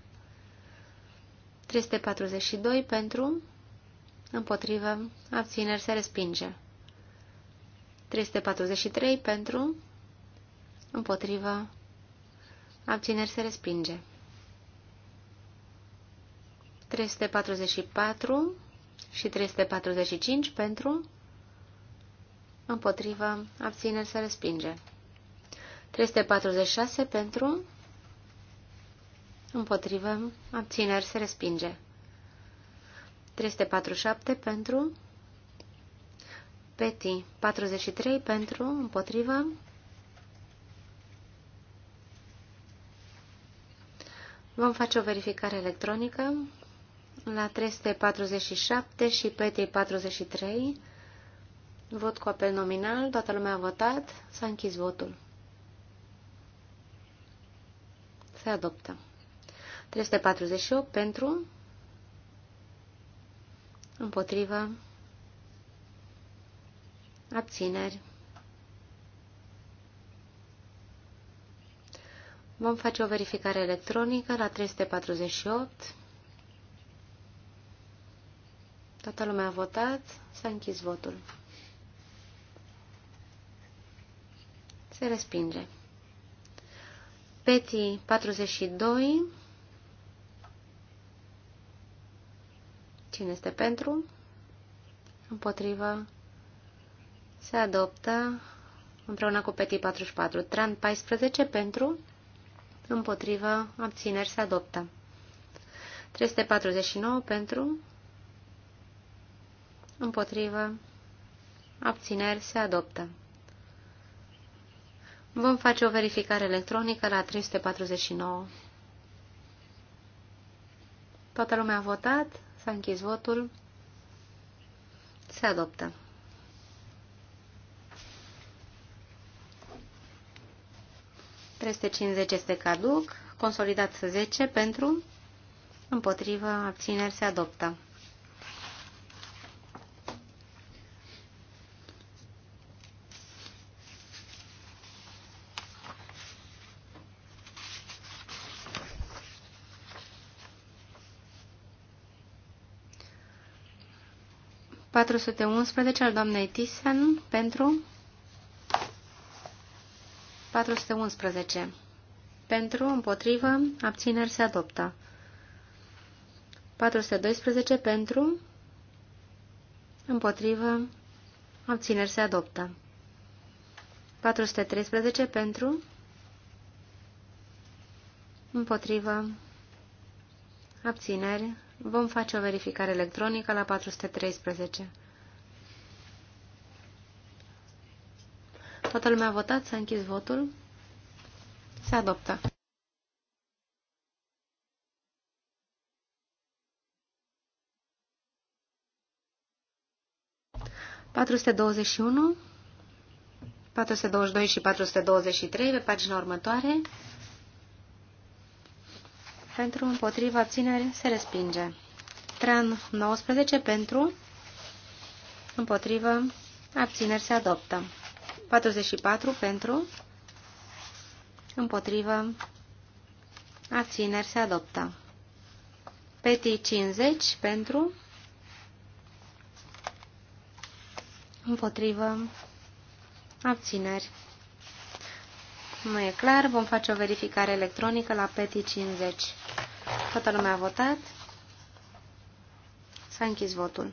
S4: 342 pentru, împotrivă, abțineri se respinge. 343 pentru, împotrivă, abțineri se respinge. 344 și 345 pentru, împotrivă, abțineri se respinge. 346 pentru, împotrivă, abțineri, se respinge. 347 pentru, Peti, 43 pentru, împotrivă, Vom face o verificare electronică la 347 și PT 43. Vot cu apel nominal. Toată lumea a votat. S-a închis votul. Se adoptă. 348 pentru, împotrivă, abțineri. Vom face o verificare electronică la 348. Toată lumea a votat, s-a închis votul. Se respinge. Peti 42. Cine este pentru? Împotrivă. Se adoptă împreună cu Peti 44. Tran 14 pentru. Împotrivă. Abțineri se adoptă. 349 pentru. Împotrivă. Abțineri se adoptă. Vom face o verificare electronică la 349. Toată lumea a votat, s-a închis votul, se adoptă. ...350 este caduc, consolidat 10 pentru, împotrivă, abțineri se adoptă. 411 al doamnei Thyssen pentru 411. Pentru, împotrivă, abțineri se adoptă. 412 pentru, împotrivă, abțineri se adoptă. 413 pentru, împotrivă, abțineri Vom face o verificare electronică la 413. Toată lumea a votat, s-a închis votul. Se adoptă. Patruste douăzeci și unu, patruste douăzeci și patruste douăzeci și trei pe pagina următoare pentru, împotriva, țineri se respinge. Tran 19 pentru, împotrivă, abțineri, se adoptă. 44 pentru, împotrivă, abțineri, se adoptă. Peti 50 pentru, împotrivă, abțineri. Nu e clar, vom face o verificare electronică la PETI 50. Toată lumea a votat. S-a închis votul.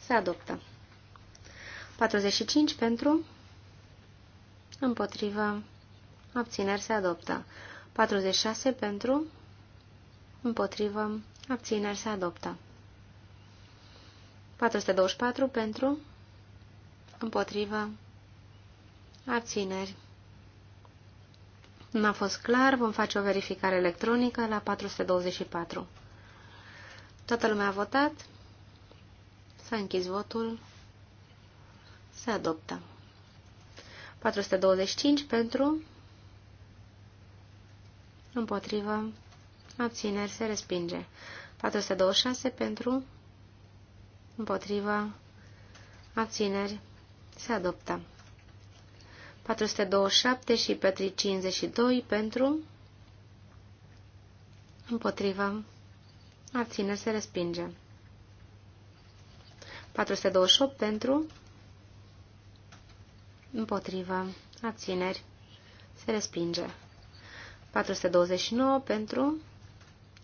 S4: Se adoptă. 45 pentru, împotrivă, abțineri se adoptă. 46 pentru, împotrivă, abțineri se adoptă. 424 pentru, împotrivă, abțineri nu a fost clar, vom face o verificare electronică la 424. Toată lumea a votat. S-a închis votul. Se adoptă. 425 pentru, împotrivă, abțineri, se respinge. 426 pentru, împotrivă, abțineri, se adoptă. 427 și Petri 52 pentru, împotrivă, abține se respinge. 428 pentru, împotrivă, abțineri se respinge. 429 pentru,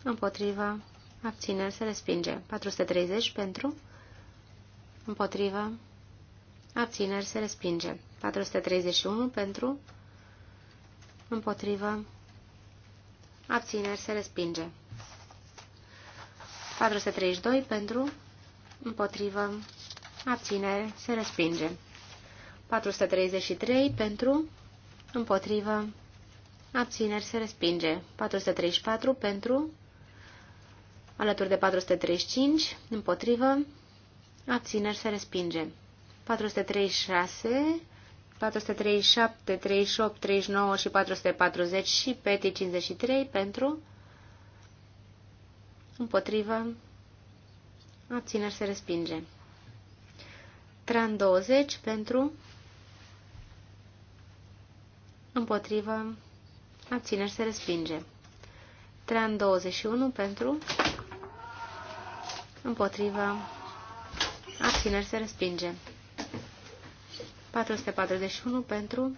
S4: împotrivă, abțineri se respinge. 430 pentru, împotrivă, abțineri se respinge. 431 pentru, împotrivă, abțineri se respinge. 432 pentru, împotrivă, abțineri se respinge. 433 pentru, împotrivă, abțineri se respinge. 434 pentru, alături de 435, împotrivă, abțineri se respinge. 436 437, 38, 39 și 440 și peti 53 pentru împotrivă abțineri se respinge. Tran 20 pentru împotrivă abțineri se respinge. Tran 21 pentru împotrivă abțineri se respinge. 441 pentru,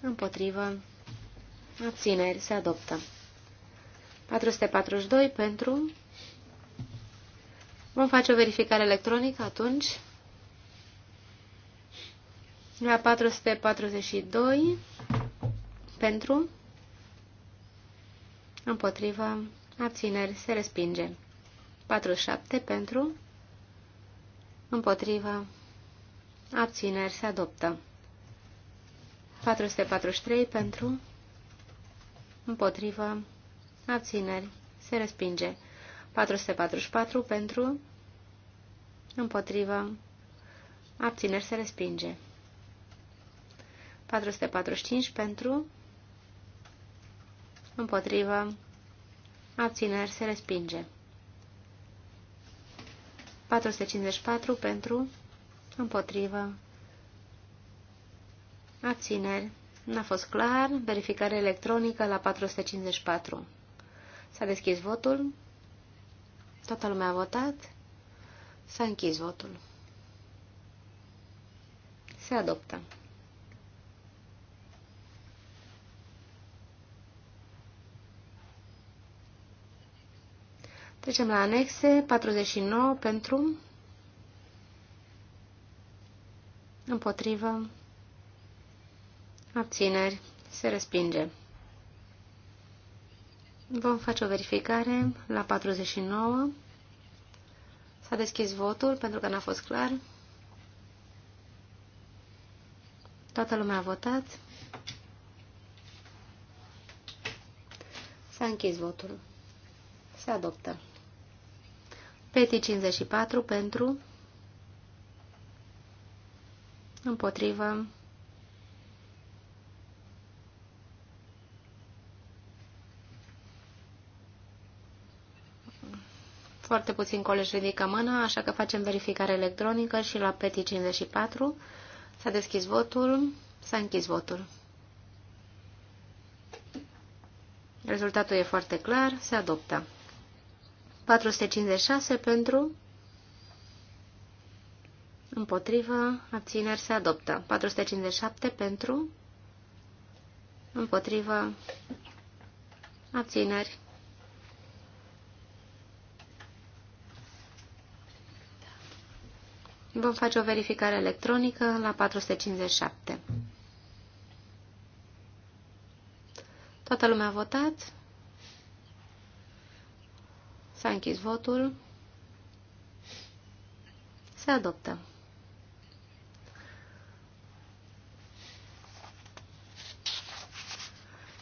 S4: împotrivă, abțineri, se adoptă. 442 pentru, vom face o verificare electronică atunci, la 442 pentru, împotrivă, abțineri, se respinge. 47 pentru, împotrivă, abțineri se adoptă. 443 pentru, împotrivă, abțineri se respinge. 444 pentru, împotrivă, abțineri se respinge. 445 pentru, împotrivă, abțineri se respinge. 454 pentru, împotrivă, abțineri. N-a fost clar. Verificare electronică la 454. S-a deschis votul. Toată lumea a votat. S-a închis votul. Se adoptă. Trecem la anexe. 49 pentru. Împotrivă. Abțineri. Se respinge. Vom face o verificare la 49. S-a deschis votul pentru că n-a fost clar. Toată lumea a votat. S-a închis votul. Se adoptă. Peti 54 pentru, împotrivă, Foarte puțin colegi ridică mâna, așa că facem verificare electronică și la PETI 54 s-a deschis votul, s-a închis votul. Rezultatul e foarte clar, se adoptă. 456 pentru, împotrivă, abțineri se adoptă. 457 pentru, împotrivă, abțineri. Vom face o verificare electronică la 457. Toată lumea a votat. S-a închis votul. Se adoptă.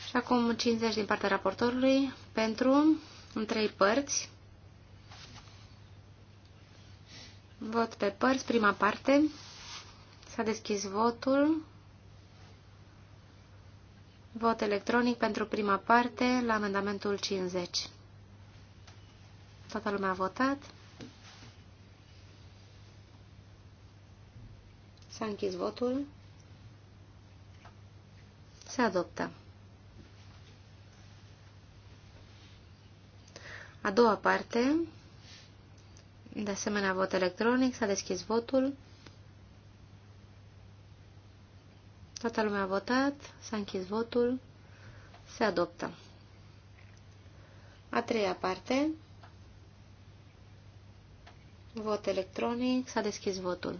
S4: Și acum 50 din partea raportorului pentru în trei părți. Vot pe părți, prima parte. S-a deschis votul. Vot electronic pentru prima parte la amendamentul 50. Toată lumea a votat. S-a închis votul. Se adoptă. A doua parte, de asemenea vot electronic, s-a deschis votul. Toată lumea a votat, s-a închis votul, se adoptă. A treia parte, Vot electronic. S-a deschis votul.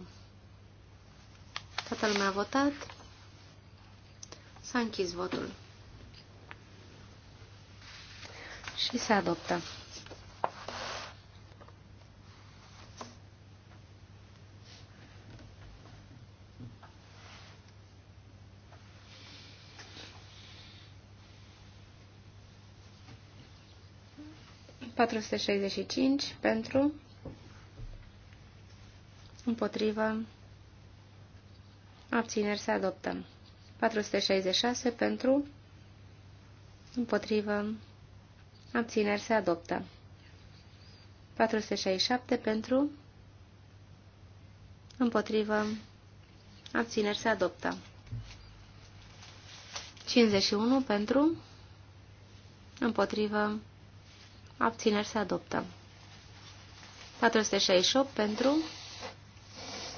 S4: Toată lumea a votat. S-a închis votul. Și se adoptă. patru pentru împotrivă, abțineri se adoptă. 466 pentru, împotrivă, abțineri se adoptă. 467 pentru, împotrivă, abțineri se adoptă. 51 pentru, împotrivă, abțineri se adoptă. 468 pentru,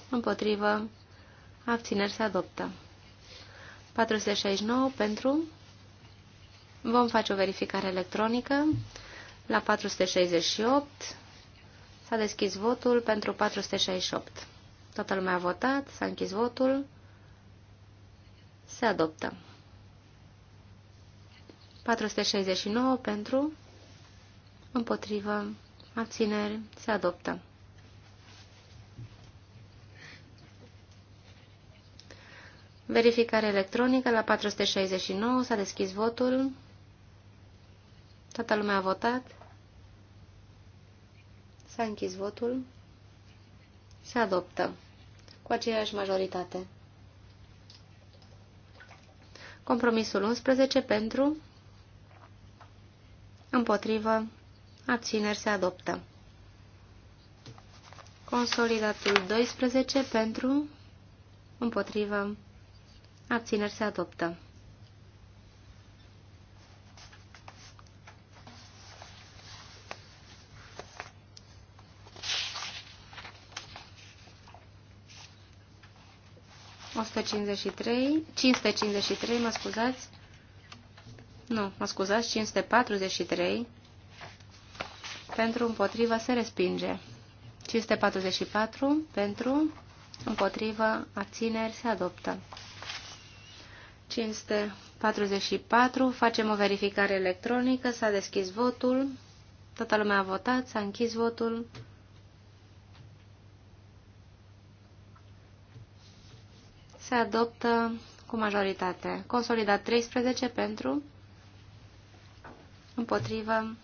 S4: împotrivă, abțineri se adoptă. 469 pentru, vom face o verificare electronică, la 468 s-a deschis votul pentru 468. Toată lumea a votat, s-a închis votul, se adoptă. 469 pentru, împotrivă, abțineri, se adoptă. Verificare electronică la 469. S-a deschis votul. Toată lumea a votat. S-a închis votul. Se adoptă cu aceeași majoritate. Compromisul 11 pentru, împotrivă, abțineri se adoptă. Consolidatul 12 pentru, împotrivă, Abțineri se adoptă. O 553, 553, mă scuzați. Nu, mă scuzați, 543. Pentru împotriva se respinge. 544 pentru împotriva abțineri se adoptă. 544. Facem o verificare electronică. S-a deschis votul. Toată lumea a votat. S-a închis votul. Se adoptă cu majoritate. Consolidat 13 pentru. Împotrivă.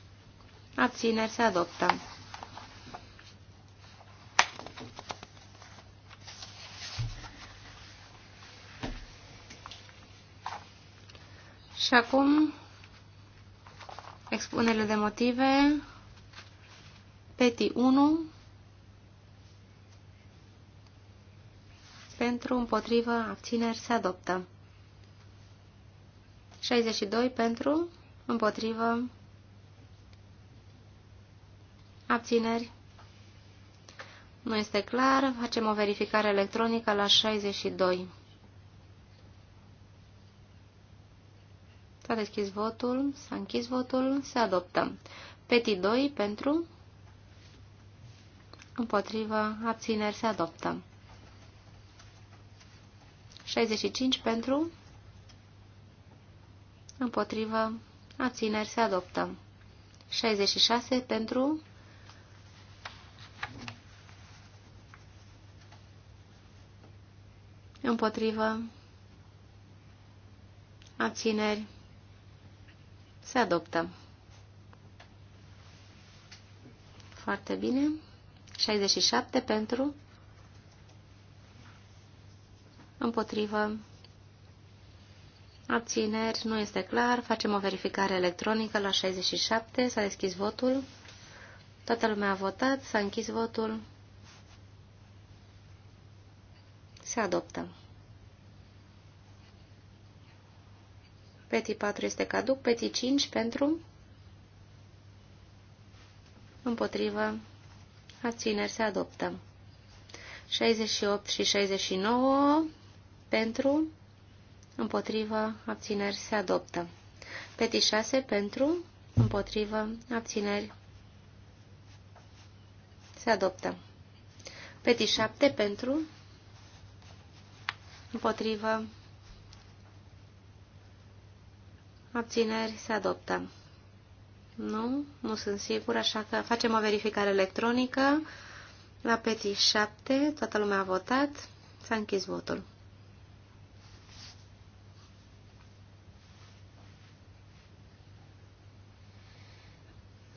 S4: Abțineri se adoptă. Și acum, expunerile de motive, peti 1, pentru, împotrivă, abțineri, se adoptă. 62 pentru, împotrivă, abțineri. Nu este clar, facem o verificare electronică la 62. S-a deschis votul, s-a închis votul, se adoptă. Peti 2 pentru, împotrivă, abțineri, se adoptă. 65 pentru, împotrivă, abțineri, se adoptă. 66 pentru, împotrivă, abțineri, se adoptă. Foarte bine. 67 pentru. Împotrivă. Abțineri. Nu este clar. Facem o verificare electronică la 67. S-a deschis votul. Toată lumea a votat. S-a închis votul. Se adoptă. Peti 4 este caduc. Peti 5 pentru. Împotrivă. Abțineri se adoptă. 68 și 69 pentru. Împotrivă. Abțineri se adoptă. Peti 6 pentru. Împotrivă. Abțineri se adoptă. Peti 7 pentru. Împotrivă. Abțineri se adoptă. Nu, nu sunt sigur, așa că facem o verificare electronică. La peti 7, toată lumea a votat, s-a închis votul.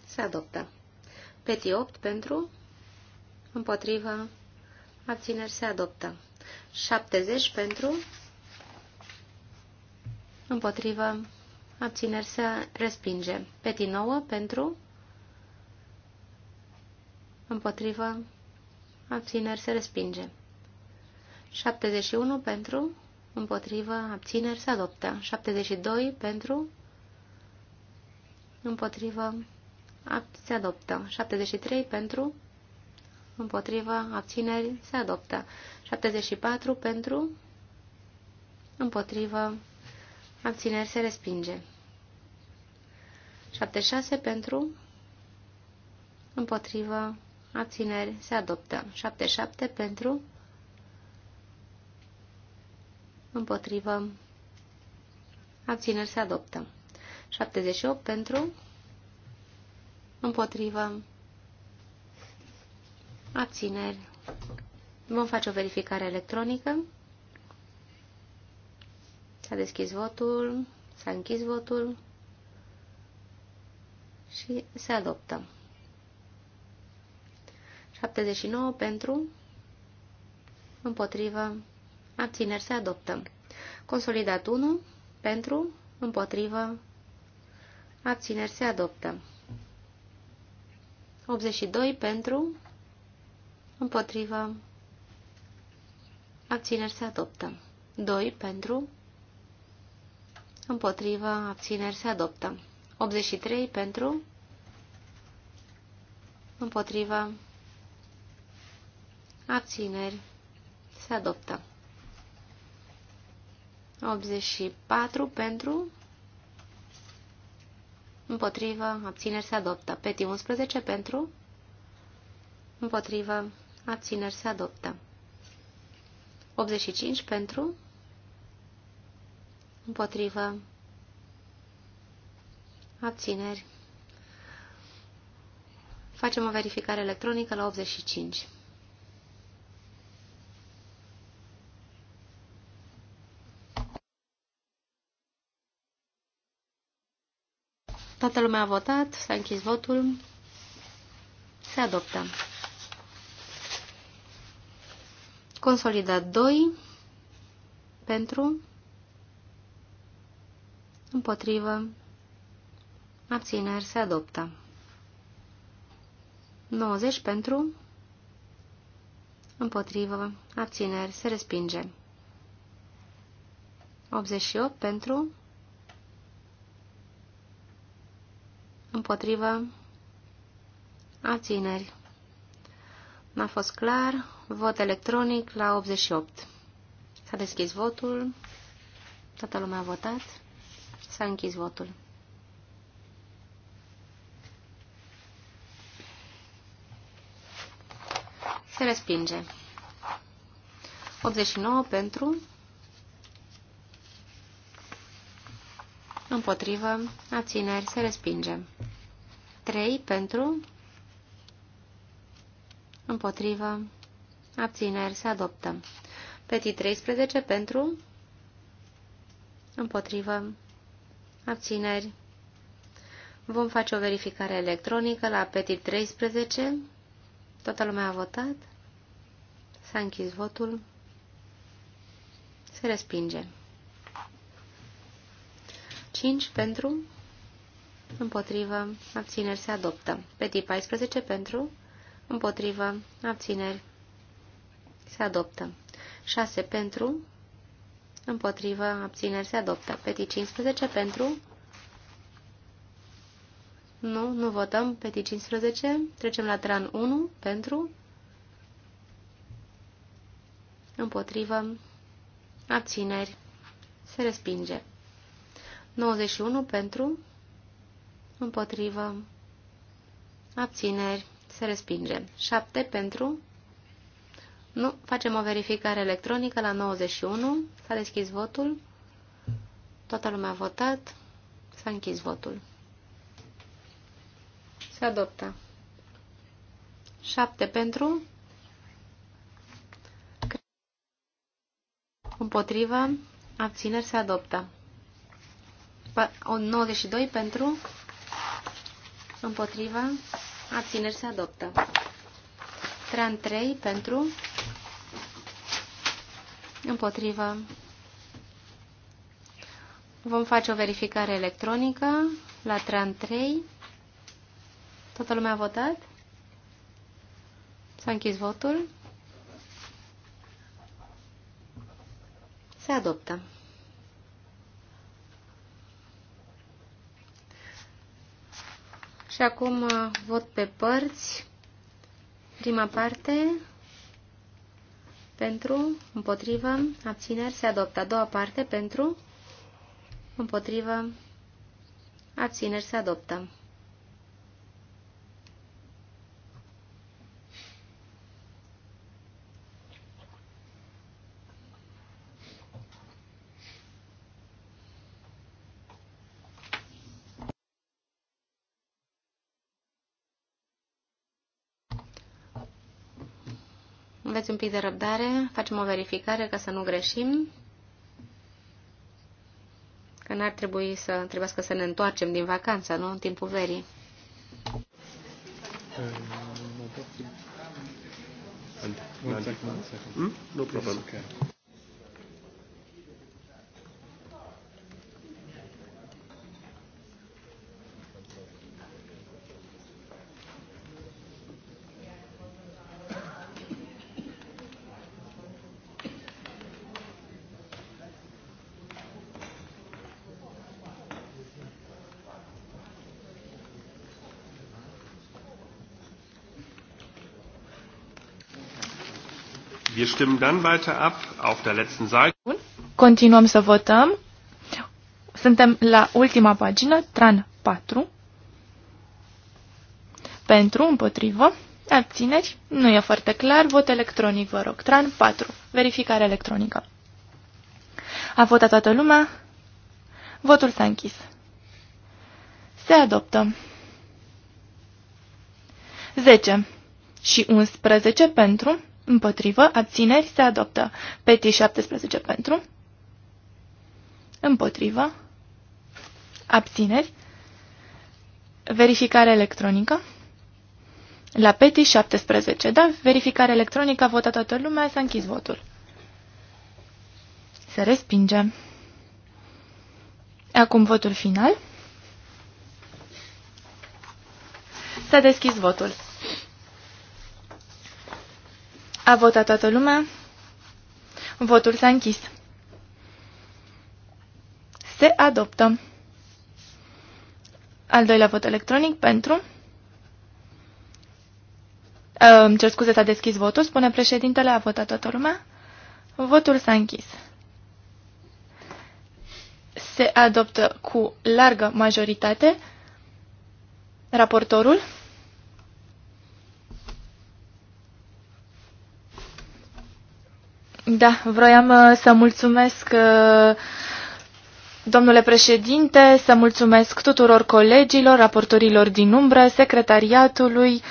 S4: Se adoptă. Peti 8 pentru, împotrivă, abțineri se adoptă. 70 pentru, împotrivă, abțineri se respinge. Peti 9 pentru, împotrivă, abțineri se respinge. 71 pentru, împotrivă, abțineri se adoptă. 72 pentru, împotrivă, se adoptă. 73 pentru, împotrivă, abțineri se adoptă. 74 pentru, împotrivă, Abțineri se respinge. 76 pentru, împotrivă, abțineri se adoptă. 77 pentru, împotrivă, abțineri se adoptă. 78 pentru, împotrivă, abțineri. Vom face o verificare electronică. S-a deschis votul, s-a închis votul și se adoptă. 79 pentru, împotrivă, abțineri se adoptă. Consolidat 1 pentru, împotrivă, abțineri se adoptă. 82 pentru, împotrivă, abțineri se adoptă. 2 pentru, Împotrivă, abțineri, se adoptă. 83 pentru, împotrivă, abțineri, se adoptă. 84 pentru, împotrivă, abțineri, se adoptă. Peti 11 pentru, împotrivă, abțineri, se adoptă. 85 pentru, împotrivă, abțineri. Facem o verificare electronică la 85. Toată lumea a votat, s-a închis votul, se adoptă. Consolidat 2 pentru împotrivă, abțineri se adoptă. 90 pentru, împotrivă, abțineri se respinge. 88 pentru, împotrivă, abțineri. N-a fost clar, vot electronic la 88. S-a deschis votul, toată lumea a votat. S-a închis votul. Se respinge. 89 pentru, împotrivă, abțineri, se respinge. 3 pentru, împotrivă, abțineri, se adoptă. Petit 13 pentru, împotrivă, abțineri. Vom face o verificare electronică la petit 13. Toată lumea a votat. S-a închis votul. Se respinge. 5 pentru, împotrivă, abțineri se adoptă. Petit 14 pentru, împotrivă, abțineri se adoptă. 6 pentru, împotrivă, abțineri, se adoptă. Peti 15 pentru, nu, nu votăm, peti 15, trecem la tran 1 pentru, împotrivă, abțineri, se respinge. 91 pentru, împotrivă, abțineri, se respinge. 7 pentru, nu, facem o verificare electronică la 91. S-a deschis votul. Toată lumea a votat. S-a închis votul. Se adoptă. 7 pentru. Împotrivă. Abțineri se adoptă. 92 pentru. Împotrivă. Abțineri se adoptă. în 3 pentru împotrivă. Vom face o verificare electronică la tran 3. Toată lumea a votat? S-a închis votul. Se adoptă. Și acum uh, vot pe părți. Prima parte, pentru, împotrivă, abțineri, se adoptă. A doua parte, pentru, împotrivă, abțineri, se adoptă. aveți un pic de răbdare, facem o verificare ca să nu greșim, că n-ar trebui să trebuiască să ne întoarcem din vacanță, nu? În timpul verii.
S1: Nu hmm? problem. Wir stimmen dann weiter ab auf der letzten Seite.
S2: Continuăm să votăm. Suntem la ultima pagină, tran 4. Pentru, împotrivă, abțineri, nu e foarte clar, vot electronic, vă rog. Tran 4, verificare electronică. A votat toată lumea, votul s-a închis. Se adoptă. 10 și 11 pentru, Împotrivă, abțineri, se adoptă. Peti 17 pentru. Împotrivă, abțineri, verificare electronică. La Peti 17, da, verificare electronică, a votat toată lumea, s-a închis votul. Se respinge. Acum votul final. S-a deschis votul. A votat toată lumea. Votul s-a închis. Se adoptă. Al doilea vot electronic pentru. Ă, îmi cer scuze, s-a deschis votul, spune președintele, a votat toată lumea. Votul s-a închis. Se adoptă cu largă majoritate. Raportorul. Da, vroiam uh, să mulțumesc uh, Domnule președinte, să mulțumesc tuturor colegilor, raportorilor din umbră, secretariatului,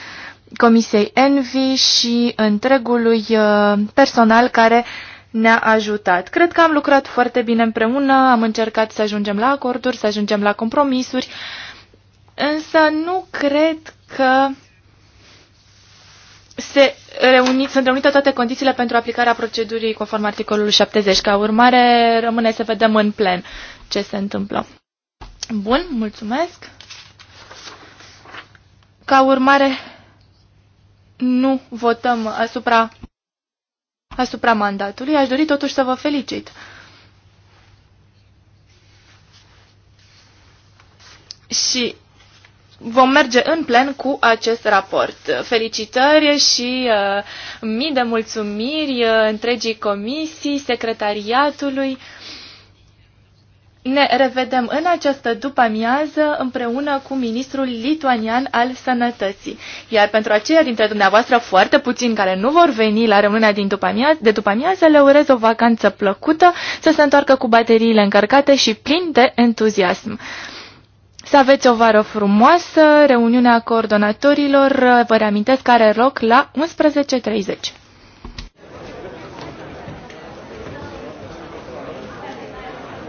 S2: Comisiei Envi și întregului uh, personal care ne-a ajutat. Cred că am lucrat foarte bine împreună, am încercat să ajungem la acorduri, să ajungem la compromisuri, însă nu cred că se reuni, sunt reunite toate condițiile pentru aplicarea procedurii conform articolului 70. Ca urmare, rămâne să vedem în plen ce se întâmplă. Bun, mulțumesc. Ca urmare, nu votăm asupra, asupra mandatului. Aș dori totuși să vă felicit. Și vom merge în plen cu acest raport. Felicitări și uh, mii de mulțumiri uh, întregii comisii, secretariatului. Ne revedem în această după-amiază împreună cu ministrul lituanian al sănătății. Iar pentru aceia dintre dumneavoastră foarte puțini care nu vor veni la reuniunea din după-amiază, de după-amiază, le urez o vacanță plăcută, să se întoarcă cu bateriile încărcate și plin de entuziasm. Să aveți o vară frumoasă, reuniunea coordonatorilor, vă reamintesc, are loc la 11.30.